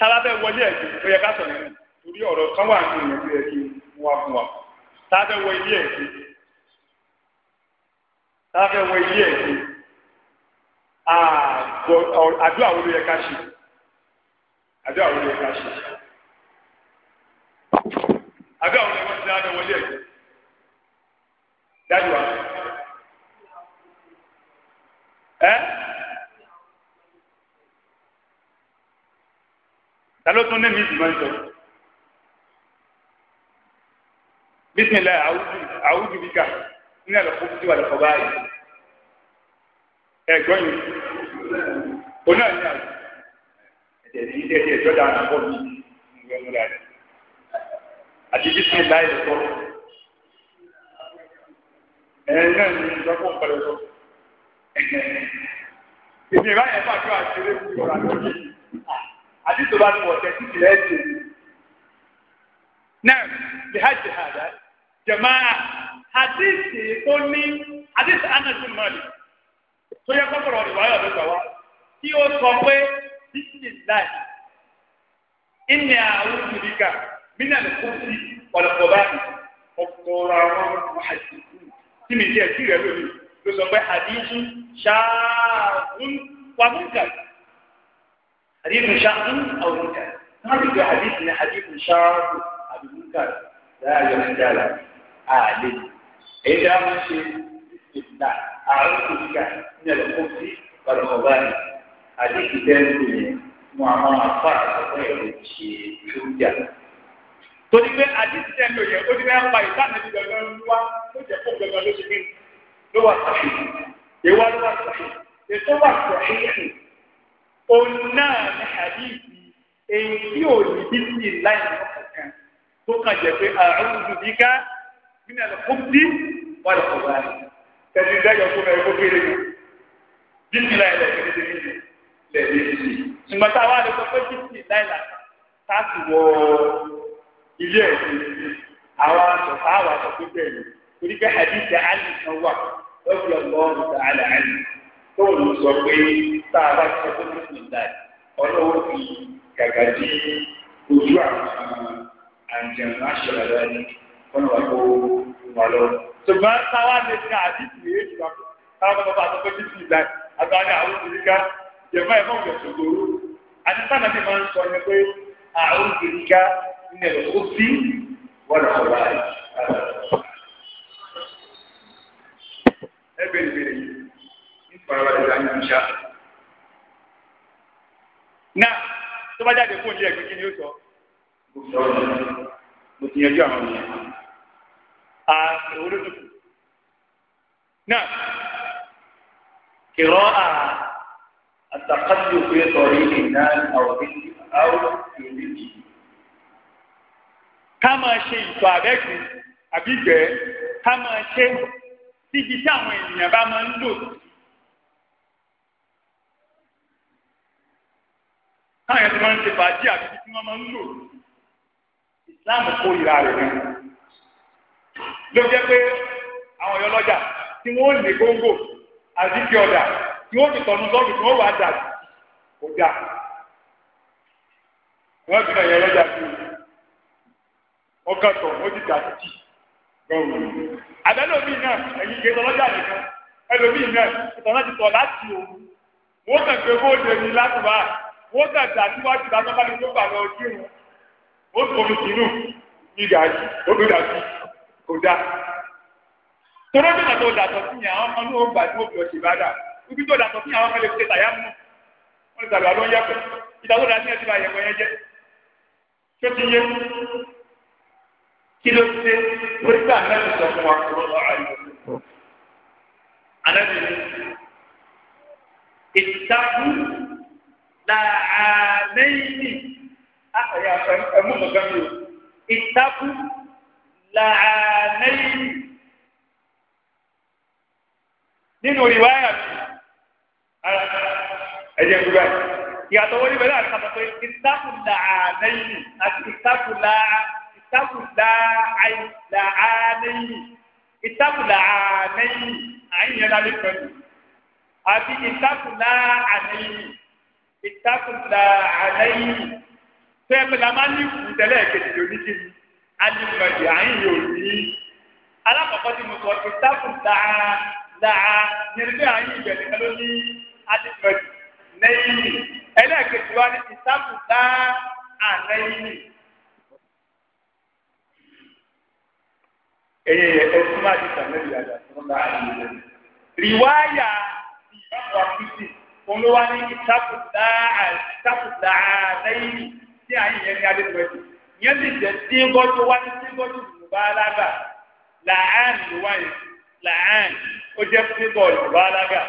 tára fẹ́ wọlé ẹ̀jẹ̀ ó yẹ ká sọ̀rọ̀ yẹn torí ọ̀rọ̀ kan wà nínú ìyẹn tó yẹ kí wọ́n fún wa tára wọ ilé ẹ̀jẹ̀ tára fẹ́ wọ ilé ẹ̀jẹ̀ àdúrà wo ló yẹ ká ṣe àdúrà wo ló yẹ ká ṣe àdúrà wo ló yẹ ká ṣe tára wọlé ẹ̀jẹ̀ dájú wa ẹ́. ta ló tún ní mi jùlọ ń sọ. bísímilá àwùjù bíkà ní àlọ́kọ́ tí wà lọ́kọ́ báyìí ẹ̀gbọ́n yìí òun náà ní àlọ́ ẹ̀jẹ̀ ní ẹ̀jẹ̀ ẹ̀jọ́ dáná bọ́ mi ní ọmọ rẹ̀ àti bísímilá ẹ̀ sọ ẹ̀yẹ náà ní ìjọpọ̀ nǹkan lọ́wọ́ ìdìbò àyẹ̀fọ́ àti àṣírí ìjọba lórí. àti tó bá ti wọ̀ tẹ́tí tìlẹ̀ náà bí hajj hàdá jamaa hadithi tó ní hadithi Anas bin Malik tó yẹ kọ́kọ́rọ̀ ìwáyọ̀ ló gbà wá tí ó sọ pé bisimilayi ìní àwọn olùdíkà mínàlì kọ́sí ọ̀lọ́kọ̀ọ́bá ọ̀kọ̀ọ̀rọ̀ àwọn wàhálì tí mi jẹ́ kí rẹ̀ حديث شاذ أو منكر ما في حديث من حديث شاذ أو منكر لا يمثل أعلم إذا مشي استثناء أعوذ بك من الخبز والخبائث حديث ثاني معمر أصحاب غير الشيء شوجة torí pé àdìsí tẹ́ ń lò yẹ ó ti bẹ́ẹ̀ pa ìtàn níbi gbẹgbẹ ń wá ló jẹ fún gbẹgbẹ ló ṣe ló wà sọ̀hìn ìwà ló wà sọ̀hìn ètò wà sọ̀hìn òun náà ní àdìsí èyí tí ò ní bísí láì lọ́kọ̀ọ̀kan tó kàn jẹ́ pé àrùn dùbíkà nínú ẹ̀lọ́kọ́ bí wà lọ́kọ̀ báyìí tẹ̀sí dájọ́ tó rẹ̀ kó kéré kan bísí láì lọ́kọ̀ọ̀kan lẹ́ẹ̀mí sí i ṣùgbọ́n tá a wá lè sọ pé bísí láì lọ́kọ̀ọ̀kan tá a sì wọ ilé ẹ̀sìn àwọn aṣọ àwọn aṣọ tó bẹ̀rẹ̀ torí pé àdìsí àlì kan wà lọ́kọ̀ọ̀kan lọ́ọ̀rù tó ń sọ pé tá a bá ti sọ pé bísí náà ọlọ́wọ́ ti gàgà dí ojú àwọn àjẹmọ́ àṣọra lẹ́nu wọn wà kó wà lọ. ṣùgbọ́n táwa lè ṣe àdìsí èyí jù lọ táwa bá bá sọ pé bísí náà àgbàdo àwọn òṣèlú jẹ̀fọ́ ẹ̀fọ́ ìgbẹ̀sọ̀ gbòòrò àti sábà ti máa ń sọ ni pé àwọn òṣèlú ní ẹ̀rọ kó sí wọ́n lọ́wọ́ báyìí. ẹ farabalẹ̀ sáà níbi ìṣá. náà tó bá jáde fún ilé ẹgbẹ́ kí ni ó sọ. mo ti yanjú àwọn ènìyàn. a èwo ló dùn. náà kìrọ́ a àtàkàtì òfin sọ̀rọ̀ yìí náà àwọn ènìyàn àwọn ènìyàn. ká máa ṣe ìtọ̀ àbẹ́gbẹ́ àbígbẹ́ ká máa ṣe síbi tí àwọn ènìyàn bá máa ń lò táwọn ẹni máa ń ṣe bàjẹ́ àti ibi tí wọ́n máa ń lò islam kó ìra rẹ̀ ni ló jẹ́ pé àwọn ọ̀yọ́ lọ́jà tí wọ́n lè góńgò àdìkì ọ̀dà tí wọ́n fi tọ̀nù sọ́ọ̀dù tí wọ́n wà á dà kó dà wọ́n fi ọ̀yọ́ lọ́jà sí ọkàn tó wọ́n ti dà sí gbọ̀ngàn. àbẹ́lómi náà ẹ̀yìn ìgbésọ lọ́jà nìkan ẹlòmíì náà ìtọ́nà ti tọ̀ láti òun wọ́n kàn gbé bóde ní látùbà wọ́n dàgbà síwájú ìdájọ́ bá ní tó gbà lọ kírun ó sì omi kìnnù ní gàájì odò dàbí kò dá. torí ó dìgbà tó dàtọ̀ sí yẹn àwọn ọmọ náà gbà tí wọ́n fi ọ̀ṣẹ̀ bá dà ibi tó dàtọ̀ sí yẹn àwọn ọmọ lè fi tàyà mú wọ́n lè tàbí àlọ́ yẹpẹ̀ ìdájọ́ dàtí yẹn ti bá yẹpẹ̀ yẹn jẹ́ tó ti yẹ kí ló ti dé lórí pé ànábì sọ fún wa kúrò lọ àyè ànábì ìtàkùn làámẹ́yìnì àkàyà ẹ̀mú gbọ̀ngàn mi o ìtakú làámẹ́yìnì nínú ìwáyà mi ara ẹ̀jẹ̀ gbúgbà yìí ìyàtọ̀ wọlé bẹ̀rẹ̀ àti kàtà pé ìtakú làámẹ́yìnì àti ìtakú làámẹ́yìnì ìtakú làámẹ́yìnì àyìnyẹn lálẹ́ pẹ̀lú àti ìtakú làámẹ́yìnì ìtakùnlá àlẹ́yìn tẹ́ẹ̀pẹ̀lá máa ní ìwù tẹ́lẹ̀ kejì lórí kí ni alimọ̀dé àyìn yóò ní. alákọ̀ọ́kọ́ tí mo sọ ìtakùnlá dáa nígbà àyìn ìbẹ̀rẹ̀ kan ló ní alimọ̀dé lẹ́yìn ẹlẹ́ẹ̀kejì wa ní ìtakùnlá àlẹ́yìn. ẹyẹ yẹ ẹtú máa di sàmẹ́lì àgbà tó ń bá àyè rẹ̀. rìwáyà ìbámu àkútì olówó ní ìtàkùtà lẹ́yìn tí à ń yẹn ní adébọ̀jù yẹn ti jẹ́ tí gọ́jú wá ní tí gọ́jú yorùbá alága làán ló wá yẹn làán ó jẹ́ tí gọ́ yorùbá alága.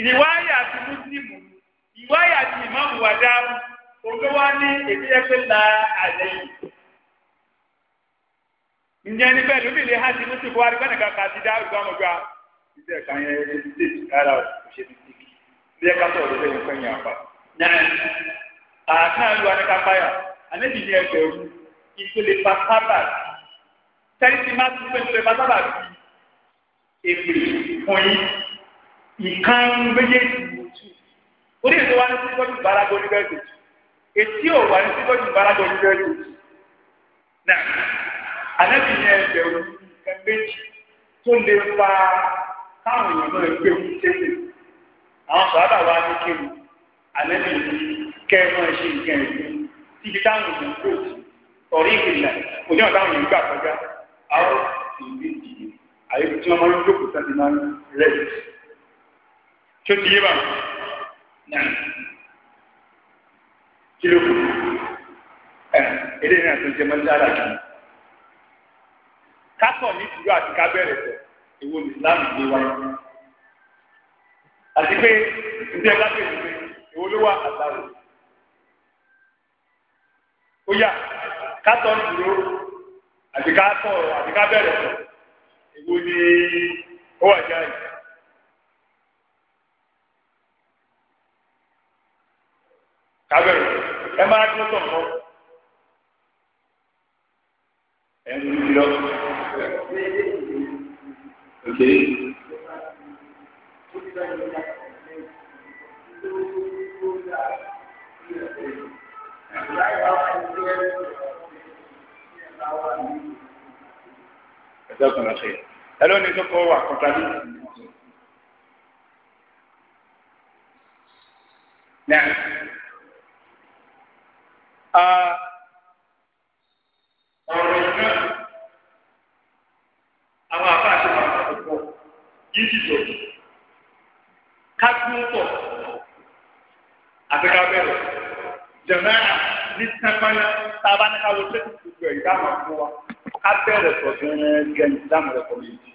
ìwáyà àti mùsùlùmù ìwáyà àti ìmáàmù wà dáhùn olówó ní èdè ẹgbẹ́ la àlẹ́ yìí ǹjẹ́ níbẹ̀ lóbi lè hàn sí mùsùlùmù wa rí bẹ́ẹ̀ kà á ti dá ìgbà mọ̀gbà iṣẹ́ kan yẹn ṣe ti tètè rárá o kò ṣe ti tètè bí ẹ ká sọ̀rọ̀ lórí nǹkan yẹn àpá. náà àkàn lu anikápáyà àlejò ní ẹgbẹ̀rún ìpele pátábà tẹ́lifí má tún pé ìpele pátábà bí èpè fún yín ìkan méjèèjì wòtú orí ètò wa ní síkọ́jú ìbáraga oníbẹ̀rẹ̀ tó etí ò wà ní síkọ́jú ìbáraga oníbẹ̀rẹ̀ tó náà àlejò ní ẹgbẹ̀rún ìkan méjì tó lè fa táwọn èèyàn náà gbé wù tètè àwọn sọ̀rọ̀ wa ní kéwù alẹ́ mi kẹ́ ẹ máa ṣe nǹkan ẹ̀gbẹ́ síbi táwọn èèyàn kò sí ọ̀rí ìgbìlà òní ọ̀tá àwọn èèyàn gbà kọjá àwọn ìdí ìdí àyè tí wọ́n máa ń jókòó sáà ti máa ń rẹ̀ tí ó ti yé báwọn náà kí ló kù ẹ eléyìí náà tó jẹ mọ́ ní aláàjì ká sọ̀ ní ìdúró àti ká bẹ̀rẹ̀ sọ̀ ìwọ islam gbé wa àti pé ǹjẹ́ lábẹ́ ìwé ìwọ ló wà àtàwọn ó yà kátó ń dúró àti kátó àti kábẹ̀rẹ̀ ìwọ ni ó wà jáì. kábẹ̀rẹ̀ ẹ máa dúró tọ̀ mọ́ ẹ ń lọ. Okay. ẹ̀dọ́gbọ̀n ọ̀sẹ̀ ẹ̀ló ni tókò wà kọ́tàlí. ọ̀rọ̀ náà àwọn àbá yíyíjọ kájúmọtọ àti kábẹrẹ jẹmẹrà ní sẹpẹlẹ tábà ní káwọ tẹsí gbogbo ẹ ìdáhùn fún wa kábẹrẹ sọdún gẹn ìdáhùn rẹ kọmi yìí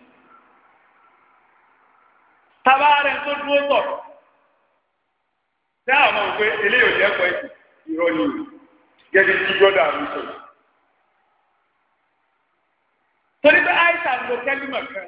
tábà rẹ tó dúró tọ dá àwọn òwe eléyìí ò lẹkọọ ẹsẹ irọ́ ni o gẹ́gẹ́ bí brọdà mi sọ. torí pé àìsàn ló kẹ́lí mọ̀ kan.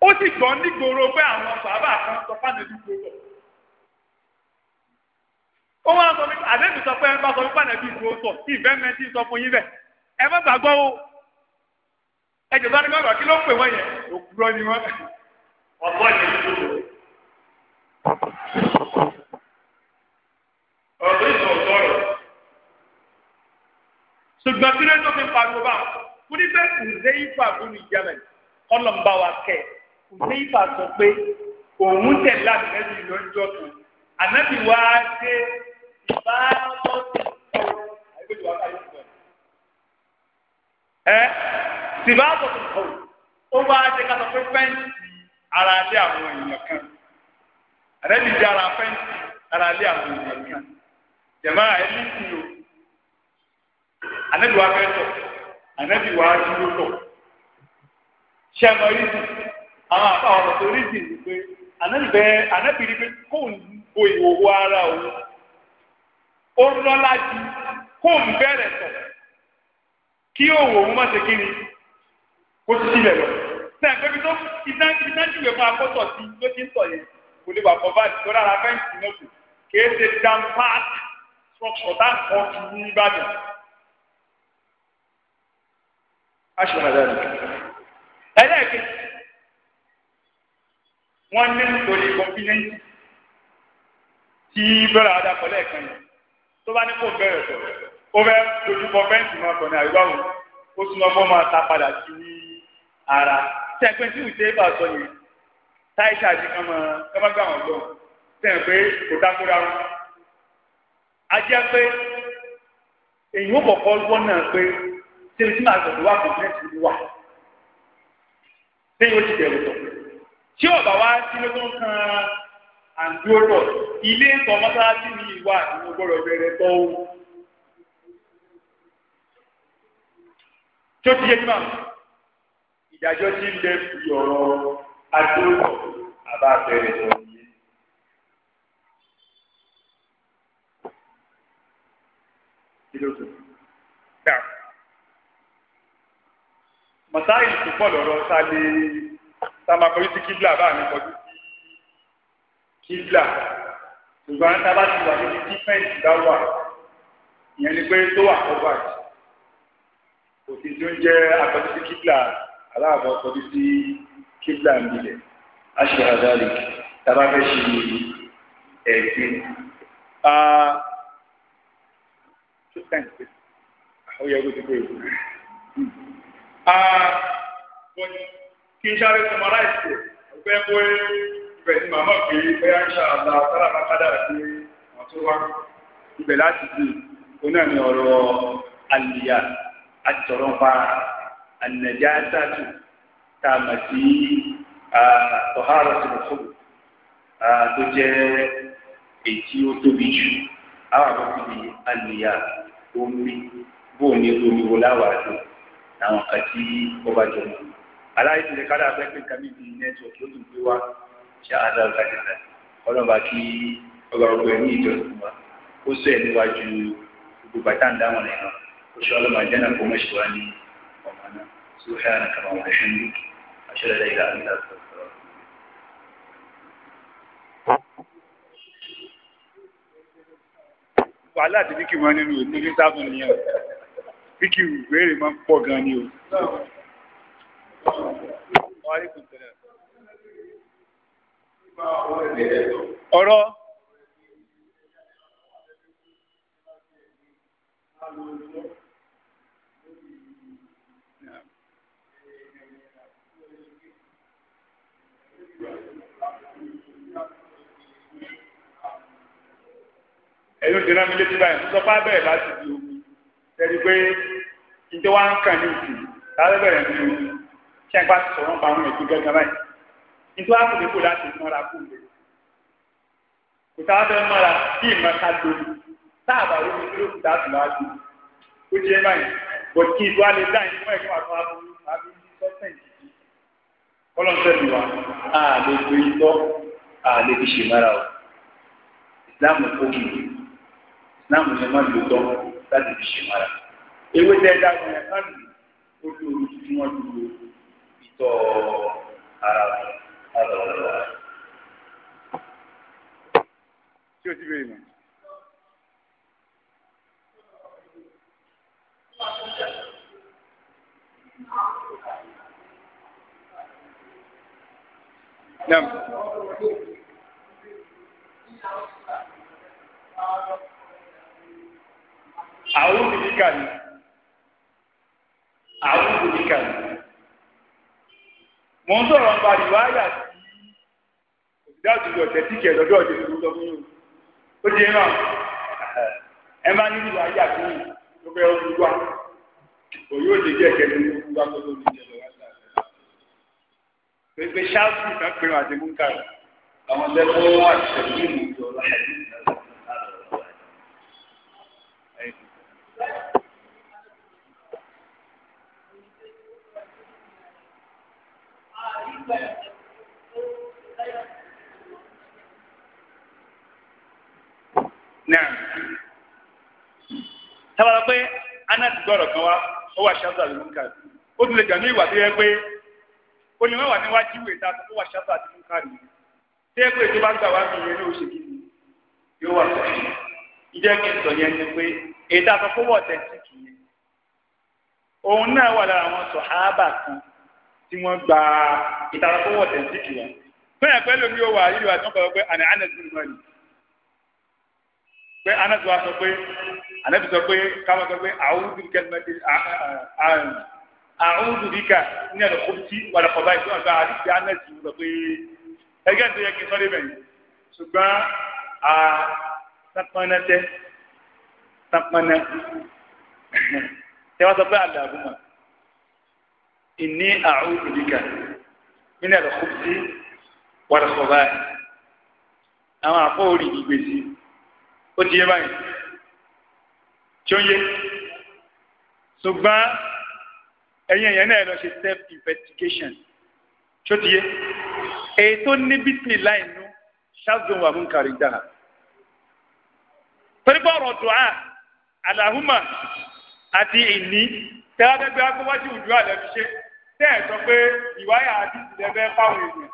ó sì gbọ́ nígboro pé àwọn bàbá kan sọ fáwọn ẹbí gbogbo ó wá sọ nípa àlejò sọ pé ẹ bá sọ nípa ẹbí gbogbo sọ kí ìfẹ́ mẹ́tí sọ fún yín bẹ́ẹ̀ ẹ má gbàgbọ́ o ẹ jọba ní bàbá kí ló ń pè wọ́n yẹn òkúrọ́ ni wọ́n ọ̀pọ̀ ìdílé tó lò. ọ̀rọ̀ ìsọ̀ ọ̀tọ̀rọ̀ ṣùgbọ́n kí ló ń tó fi pariwo báwọn mo ní bẹ́ẹ̀ kù Nígbà sọ pé òun tẹ̀lé ànábì lọ́jọ́ kan. Ànábì wá dé ìbáraọ́tọ̀ ẹ tìbáàbọ̀ tó kọ̀ ó wá dé ká sọ pé fẹ́ǹsì ara dé àwọn èèyàn kan. Ànábì jẹ́ ara fẹ́ǹsì ara dé àwọn èèyàn kan. Jẹ̀mọ́ àìlú ti o. Ànábì wá fẹ́ sọ. Ànábì wá dúró lọ. Ṣé ẹ mọ ìdí? àwọn àfa ọ̀rọ̀ tó rí sí pé ànábìbẹ ànábìrì pé kò ń bo ìhòòhò ara òun ó lọ́lá ju kò ń bẹ̀rẹ̀ sọ kí òwò òun má ṣe kí ni kó ti sílẹ̀ lọ sẹ́yìn pé bí tó ìdájú ìwé fún akọ́tọ̀ sí ló ti ń sọ yẹn kò lè wà kọ́ bá ti lọ́ra fẹ́ǹsì náà kù kì í ṣe dam park structure ti ní Ìbàdàn. aṣọ àdáni ẹlẹ́ẹ̀kejì wọ́n ní nítorí kọ́ńfídẹ́ǹtì tí bẹ́rẹ̀ adakọ̀lẹ́ kan yìí tó bá ní kó bẹ̀rẹ̀ sọ ó fẹ́ dojúkọ fẹ́ǹsì máa sọ ní àríwá òun ó súnmọ́ fọ́ máa ta padà sí ní ara tẹ̀pẹ́ tí ìwé bá sọ yìí táìsà ti kàn máa kàn máa gbà wọ́n lọ sẹ́yìn kò dákúrà wọn. a jẹ́ pé èyí ó kọ̀kọ́ wọ́n náà pé ṣé ibi tí màá sọ̀rọ̀ wà kọ́ńfídẹ́ǹtì wà ṣé o ti bẹ̀rù sọ tí ọba wa sí ló tó kan àǹdúró ilé ń sọ mọ́sálásí ní ìwà àdúgbò gbọ́dọ̀ bẹ̀rẹ̀ tọ́ o. tó ti yé tí màá ìdájọ́ ti ń bẹ fi ọ̀rọ̀ àbá bẹ̀rẹ̀ tọ́ yìí. tó pọ̀ tá a máa kọjú sí kíbla bá mi kọjú sí kíbla ṣùgbọ́n tá a bá ti wà níbi dífẹ́ǹsì bá wà ìyẹn ni pé tó wà kọ́ bá jù òfin tó ń jẹ́ akọjú sí kíbla aláàbọ̀ kọjú sí kíbla nílẹ̀ aṣọ àdáàlì tá a bá fẹ́ ṣe ẹ̀sìn. Ó yẹ kó ti pé kí n sáré sọmọlá ìsè ọgbẹ́ pé ibẹ̀ ni màmá pé bẹ́ẹ̀ ń ṣàlà sálábà kádàrà pé wọ́n tó wá ibẹ̀ láti di òun náà ní ọ̀rọ̀ àlìyà àtìtọ̀rọ̀ ànàjà sátù tá a mọ̀ sí ọ̀hárọ̀ tìlọ̀fọ̀ tó jẹ́ èyí tí ó tóbi jù àwọn àbọ̀tí bíi àlìyà omi bóun ní omi wo láwàá tó àwọn kan tí jọ mọ́ aláìsílẹ̀ kára afẹ́fẹ́ kàmí ti nẹ́tíwọ̀kì ó tún gbé wá ṣe àdá ọ̀gájẹ̀dá ọlọ́mọba kí ọba ọgbẹ́ ní ìjọsìn wa ó sọ ẹ̀ níwájú gbogbo bàtà ń dáhùn rẹ̀ náà ó ṣe ọlọ́mọ àjẹ́nà kó mọ̀ṣẹ̀ wá ní ọmọ náà sí òṣèré ànàkàmọ́ wọn ẹ̀ṣẹ̀ àṣẹlẹ̀ ìlà àmì láti ọ̀rọ̀. wàhálà àti bíkì wọn nínú ìdílé sábà nìyẹn bíkì ìbéèrè máa ń pọ̀ gan ni o. ọ̀rọ̀. ẹ̀yọ́ ti mi létí báyìí sọ fún abẹ́rẹ́ láti di omi pé ń kàn ní ìsìn ní omi. ṣẹ́gbà ti sọ̀rọ̀ ń pa àwọn ẹ̀sìn gẹ́gẹ́ báyìí nítorí wàá fòlè kó láti mọ́ra kó lè kò sáà fẹ́ mọ́ra bí ìmọ̀ ká lórí sáàbà ló fi dúró kó dáàbò wá sí ó jẹ́ báyìí bọ̀ kí ìlú alẹ́ dá ìlú mọ́ ẹ̀kọ́ àtọ́ àbúrú àbí sọ́sẹ̀ǹtì kọ́lọ́sẹ̀lì wa a lè gbé itọ́ a lè fi ṣe mọ́ra o ìsìláàmù kókì ìsìláàmù ni wọ́n lò tọ́ láti fi ṣe mọ́ra ewé tẹ́ dáhùn ẹ̀ ká lù ó lò ó ti wọ́n lò ó tọ́ ara ọ̀dọ̀ ọ̀dọ̀ o ti bèrè mọ́. Nam. Àwọn olùdíkà ni. Àwọn olùdíkà mò ń sọ̀rọ̀ nípa ìwáyà tí òṣìṣẹ́ àtúntò ọ̀tẹ̀ tí kẹ̀ lọ́dọ̀ ọ̀dẹ̀ ló sọ fún yín ó di ẹ máa ní ìwáyà tó yìí tó fẹ́ ọdún wá kò yóò lè jẹ́ ọdún tó lórí pépé àti àwọn náà sábàá pé anas gbọ́dọ̀ kan wá ó wà ṣáṣá ló ń kàrí ó tún lè jà ní ìwà tó yẹ pé ó ní wọ́n wà níwájú ìwé ta tó wà ṣáṣá ló ń kàrí tó yẹ pé tó bá gbà wá mi yẹn ní oṣù kìíní yóò wà sọ yẹn ìjẹ́ kí sọ yẹn ni pé èyí tá a sọ fún wọ́ọ̀tẹ́ sí kìíní òun náà wà lára àwọn sọ̀háábà kan tí wọ́n gba ìtara tó wọ̀ tẹ̀síkì wọn. fẹ́yà pẹ́ lómi ó wà yìí wà tán kọ̀ pé àná Anas bin Malik pé Anas wa sọ pé Anas sọ pé káwọn sọ pé àwùjọ kẹlẹmẹtì àwùjọ bíkà ní ẹ̀rọ kó tí wàlẹ̀ kọ̀ báyìí tó wà gba àdìsí Anas sọ pé ẹgẹ́ tó yẹ kí n sọ́dé bẹ̀yìn ṣùgbọ́n sápánẹ́tẹ́ sápánẹ́ tẹ́wọ́ sọ pé àdàgùn inni a'udhu bika min al-khubuthi wal khaba'ith àwọn àpò orí ìgbèsè ó ti yé báyìí tí ó yé ṣùgbọ́n ẹ̀yin ẹ̀yẹ náà lọ ṣe self investigation tí ó ti yé èyí tó ní bísí láìnú ṣáàzùn wà mú kárí dáa torí bá ọ̀rọ̀ dùn á àlàhùmà àti ìní tẹ́wájú gbé wájú ìdúrà lẹ́nu ṣe tẹ́ ẹ̀ sọ pé ìwáyà àdìsí lẹ bẹ́ẹ̀ fáwọn èèyàn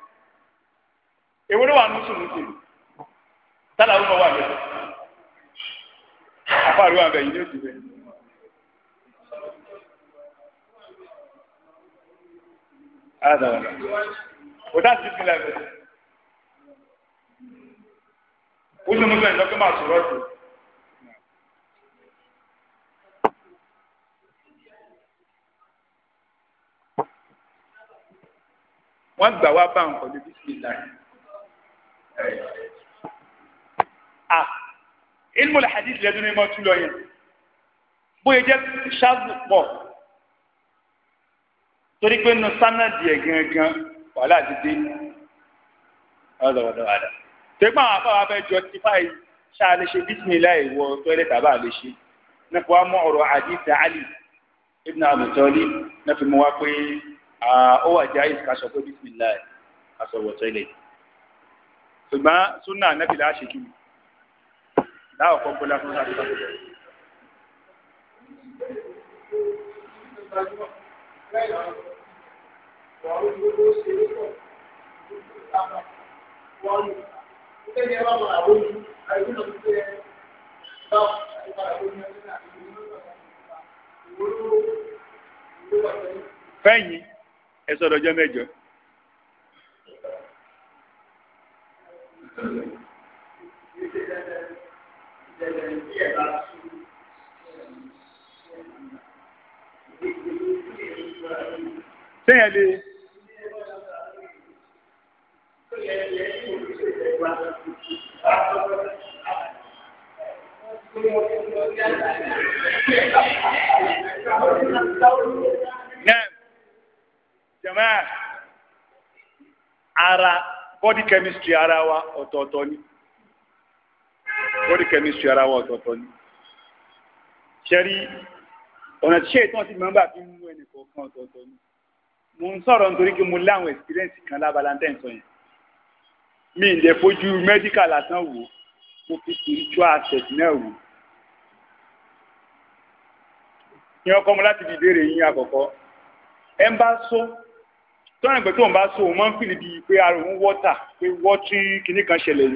èwo ló wà ní sùnmùsùn tálà ó lọ wà lẹ́sẹ̀ àfáàrí wà bẹ́ẹ̀ yìí ní òsì bẹ́ẹ̀. Adàlá, òtá ti fi lẹ́bẹ̀ẹ́. Ó ní mo sọ ìjọ pé màá sọ̀rọ̀ sí i. wọ́n gbà wá bá nǹkan lójú sí ìlà yìí. a ilmu al-hadith lẹ́dún ní mọ́tú lọ yẹn bóyá jẹ́ ṣáàbù pọ̀ torí pé nù sánàdì ẹ̀ gangan wàhálà ti dé ọ̀dọ̀ọ̀dọ̀ àdá. tẹ́gbọ́n àwọn afáwọn abẹ́ jọ ti fáyì ṣáà lè ṣe bísímìlá ìwọ tọ́lẹ̀ tàbá lè ṣe nípa mọ ọ̀rọ̀ hadith Ali ibn Abi Talib náà wá pé. Ah, ó wà jẹ́ àyè ká sọ pé bisimilayi ká sọ wọ̀tọ́ ilẹ̀ ṣùgbọ́n súnà anábì ṣe kíni láwọn kọ́ gbọ́lá fún sáà tó Fẹ́yìn ẹ sọ̀rọ̀ ọjọ́ mẹ́jọ. sẹ́yìn lè. Thank jẹ̀mọ́ ara body chemistry ara wa ọ̀tọ̀ọ̀tọ̀ ni body chemistry ara wa ọ̀tọ̀ọ̀tọ̀ ni ṣẹ́rí ọ̀nà tí ṣètò ti mẹ́mbà fi ń mú ẹnì kọ̀ọ̀kan ọ̀tọ̀ọ̀tọ̀ ni mo ń sọ̀rọ̀ nítorí pé mo láwọn experience kan lábalantẹ́ sọ yẹn mi ì lè fojú medical lásán wò mo fi spiritual aspect náà wò ní ọkọ mo láti fi ìbéèrè yín àkọ́kọ́ ẹ ń bá sọ tọ́nà ìgbẹ́ tó ń bá so òun máa ń fìlì bíi pé ara òun wọ́tà pé wọ́tí kìíní kan ṣẹlẹ̀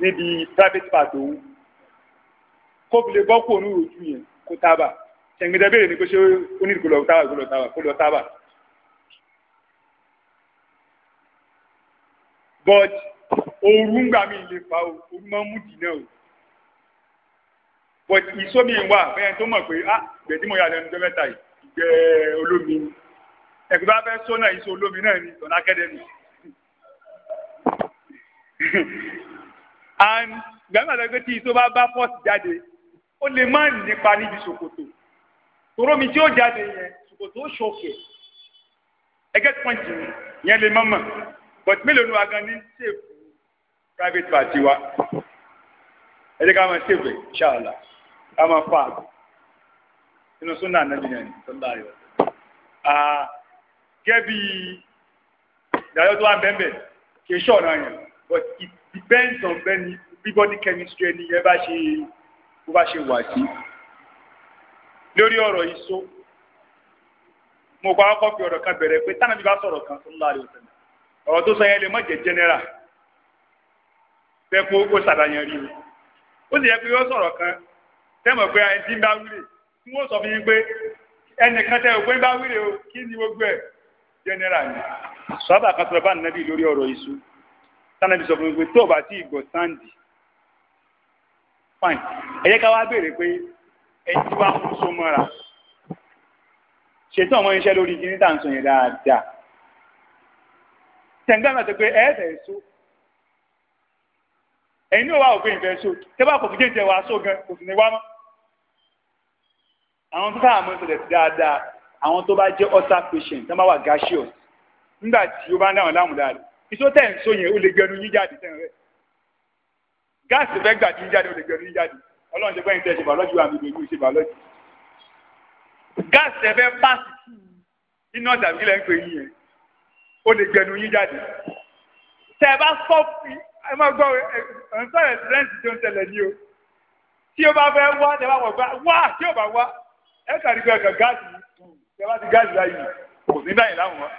níbi private part òun kó fi lè bọ́ kó onú ìrojú yẹn kó tábà ṣẹ̀ǹgẹ̀dẹ̀ béèrè ni pé ṣé ó ní ìkó lọ tábà kó tábà kó lọ tábà. but òru ń gbà mí lè fa o òru máa ń mú dìínà o but ìsómi wà bẹ́ẹ̀ tó mọ̀ pé ah ìgbẹ́ tí mo yà lẹ́nu jẹ́ mẹ́ta yìí ìgbẹ́ olómi ẹ̀gbẹ́ bá fẹ́ sọ́nà iṣẹ́ olómi náà ní ìtọ́nà akẹ́dẹ́mì. and gbẹ́mọ̀ lọ pé tí iṣẹ́ bá bá fọ́ọ̀sì jáde ó lè má nípa níbi ṣòkòtò tòrómi tí ó jáde yẹn ṣòkòtò ó ṣòkè ẹgẹ́ pọ́ǹtì yẹn lè mọ́mọ́ but mélòó ni wàá gan ní ṣèkù private party wa ẹ jẹ́ ká máa ṣèwé ṣáàlà ká máa fà á inú súnà nàbìyàn ní sọ́dọ̀ àyọ̀. Ah, gẹ́gẹ́ bí ìdájọ́ tó wà bẹ́ẹ̀ kì í ṣọ̀nà yẹn but it depends on bẹ́ni bí body chemistry ẹni yẹn bá ṣe bó bá ṣe wà sí. lórí ọ̀rọ̀ yìí so mo kọ́ akọ́ fi ọ̀rọ̀ kan bẹ̀rẹ̀ pé tánàbí bá sọ̀rọ̀ kan tó ń láre òtẹ̀ ọ̀rọ̀ tó sọ yẹn lè má jẹ́ general fẹ́ kó ó ṣàdáyàn rí o ó sì yẹ pé ó general ni sọ́ọ́bà kan sọ̀rọ̀ bá nàbí lórí ọ̀rọ̀ iṣu tánàbí sọ fún mi pé tó o bá tí ì gbọ́ sáǹdì fine ẹ jẹ́ ká wá béèrè pé ẹni tí wàá mú so mọ́ra ṣètò àwọn iṣẹ́ lórí kíní tá à ń sọ yẹn dáadáa tẹ̀ǹgá náà ti pé ẹ̀ẹ́dẹ̀ èso ẹ̀yin ní òwà òfin ìfẹ́ so tẹ́bà kò fi jẹ́ ìjẹ́ wàá so gan kò sì ní wá mọ́ àwọn tó sáà mọ́ ìṣẹ̀lẹ̀ dáadáa àwọn tó bá jẹ́ ulcer patient tó bá wà gaseous nígbà tí ó bá ń dáhùn láàmú dáadáa iṣó tẹ̀ ń sọ yẹn ó lè gbẹnu yín jáde tẹ̀ ń rẹ̀ gáàsì fẹ́ gbà tí yín jáde ó lè gbẹnu yín jáde ọlọ́run ṣe gbẹ́yìn tẹ̀ ṣe bàọ́lọ́jì wa mi lòdì ṣe bàọ́lọ́jì gáàsì ẹ̀fẹ́ pàṣẹ iná tàbí kílẹ̀ ń pè yín yẹn ó lè gbẹnu yín jáde tẹ̀ bá sọ ẹ máa gbọ́ ẹ̀ ń sọ̀rọ̀ ẹ̀sìrẹ́ǹsì tó ń tẹ̀lẹ̀ ní o tí ó bá fẹ́ wá tẹ̀ bá wọ̀ gbá wá tí ó bá wá ẹ̀ kàrí ṣé wá ti gáàsì báyìí kò ní báyìí láwọn.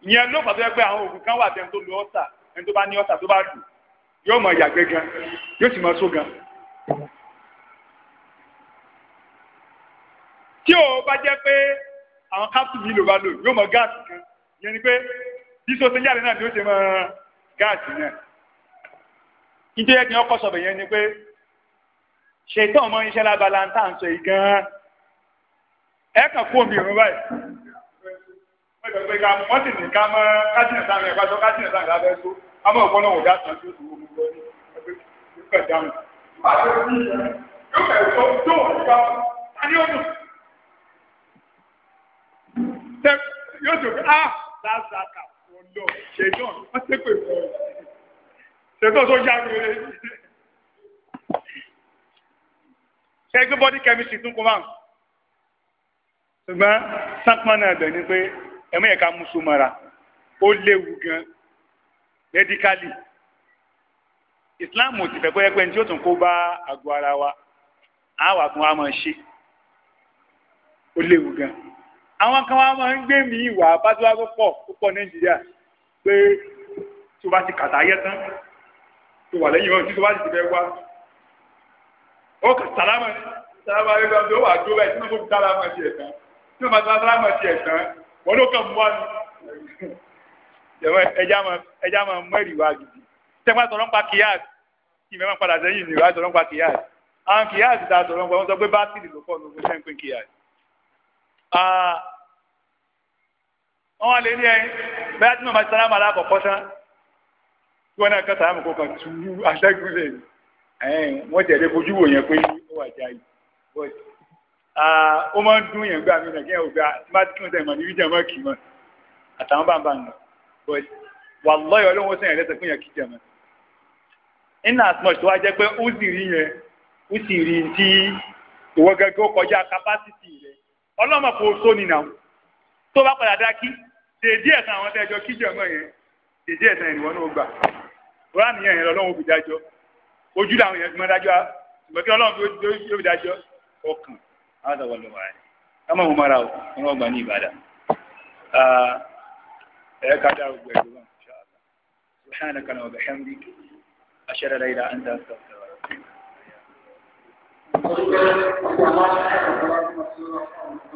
ìyẹn ló fà tó yẹ pé àwọn oògùn kan wà tẹ́ ẹni tó lu ọ́sà ẹni tó bá ní ọ́sà tó bá dùn yóò mọ ìyàgbẹ́ gan yóò sì mọ só gan. tí o bá jẹ́ pé àwọn capsule yìí ló bá lò yóò mọ gáàsì kan ìyẹn ni pé dísò tó ń jáde náà ni ó ṣe mọ gáàsì náà. nítorí ẹni ọkọ sọ̀bẹ̀ yẹn ni pé ṣètò ọmọ iṣẹ́ lábala ń tà ń sọ yìí gan-an ẹ kàn kú omi ìrún báyìí wọ́n ti pè ká wọ́n sì ní ká mọ́ kájínà sáà rẹ̀ pàṣọ kájínà sáà rẹ̀ abẹ́ tó àmọ́ ọ̀pọ̀ wò dá sàn tó tó omi lọ ní ẹgbẹ́ tani ó dùn. yóò tó fi ah lásàkà ọlọ ṣèjọ́ wọ́n ti pè fún ọ ṣèjọ́ tó yá mi rẹ̀ ṣẹ́gbẹ́ bọ́dí kẹ́mísì tún kó báwọn. ṣùgbọ́n sápá náà bẹ̀ ni pé ẹ̀mọ́ yẹn ká mara ó léwu gan mẹ́díkálì Islam ò ti fẹ́ bóyá pé ní tí ó tún kó bá àgọ́ ara wa àwa kan wa máa ṣe ó léwu gan àwọn kan wa máa ń gbé mi ìwà abájọ́ púpọ̀ púpọ̀ Nàìjíríà pé tó bá ti kàtà ayẹ́ tán tó wà lẹ́yìn ọ̀hún tí tó bá ti ti fẹ́ wá ó kà sàlámà sàlámà yẹn lọ́dún ó wà dúró báyìí tí wọ́n fi sàlámà tiẹ̀ tán tí wọ́n fi sàlámà tiẹ̀ tán wọ́n ló kàn mú wa nù. ẹja máa mú ẹ̀rì wá gidi tẹ́gbà sọ̀rọ̀ ń pa kíyàsì kí mẹ́fà padà sẹ́yìn ìrìn wá sọ̀rọ̀ ń pa kíyàsì àwọn kíyàsì tá a sọ̀rọ̀ ń pa wọ́n sọ pé bátìrì ló kọ́ lóko sẹ́ń pín kíyàsì. wọ́n wá lé ní ẹyin bẹ́ẹ̀ tí wọ́n máa sàlámà alákọ̀ọ́kọ́ sán tí wọ́n náà kẹ́ sàlámà kó tú àṣẹ́gun lè ní. wọ́n tẹ̀lé fojú wò yẹn pé ó wà jáì but ó máa ń dún yẹn gbà mí nàìjíríà ò gbà tí máa tún sẹ́yìn mọ̀ ní ìjà máa kì í àtàwọn bá ń bá ń lọ but wà lọ́yọ̀ ọlọ́wọ́ sẹ́yìn lẹ́sẹ̀ fún yẹn kì í pé ó sì rí yẹn ó sì rí kọjá capacity rẹ̀ nà bá padà àwọn tẹ́jọ yẹn ojú làwọn yẹn gbọ́n dájọ́ ìgbàkí ọlọ́run yóò fi dájọ́ ọkàn àádọ́wọ́ ló wáyé kámá wọn mara o wọn wọn gbà ní ìbàdàn ẹ ká dá ogun ẹgbẹ́ wọn ṣá سبحانك اللهم وبحمدك أشهد أن لا إله إلا أنت أستغفرك وأتوب إليك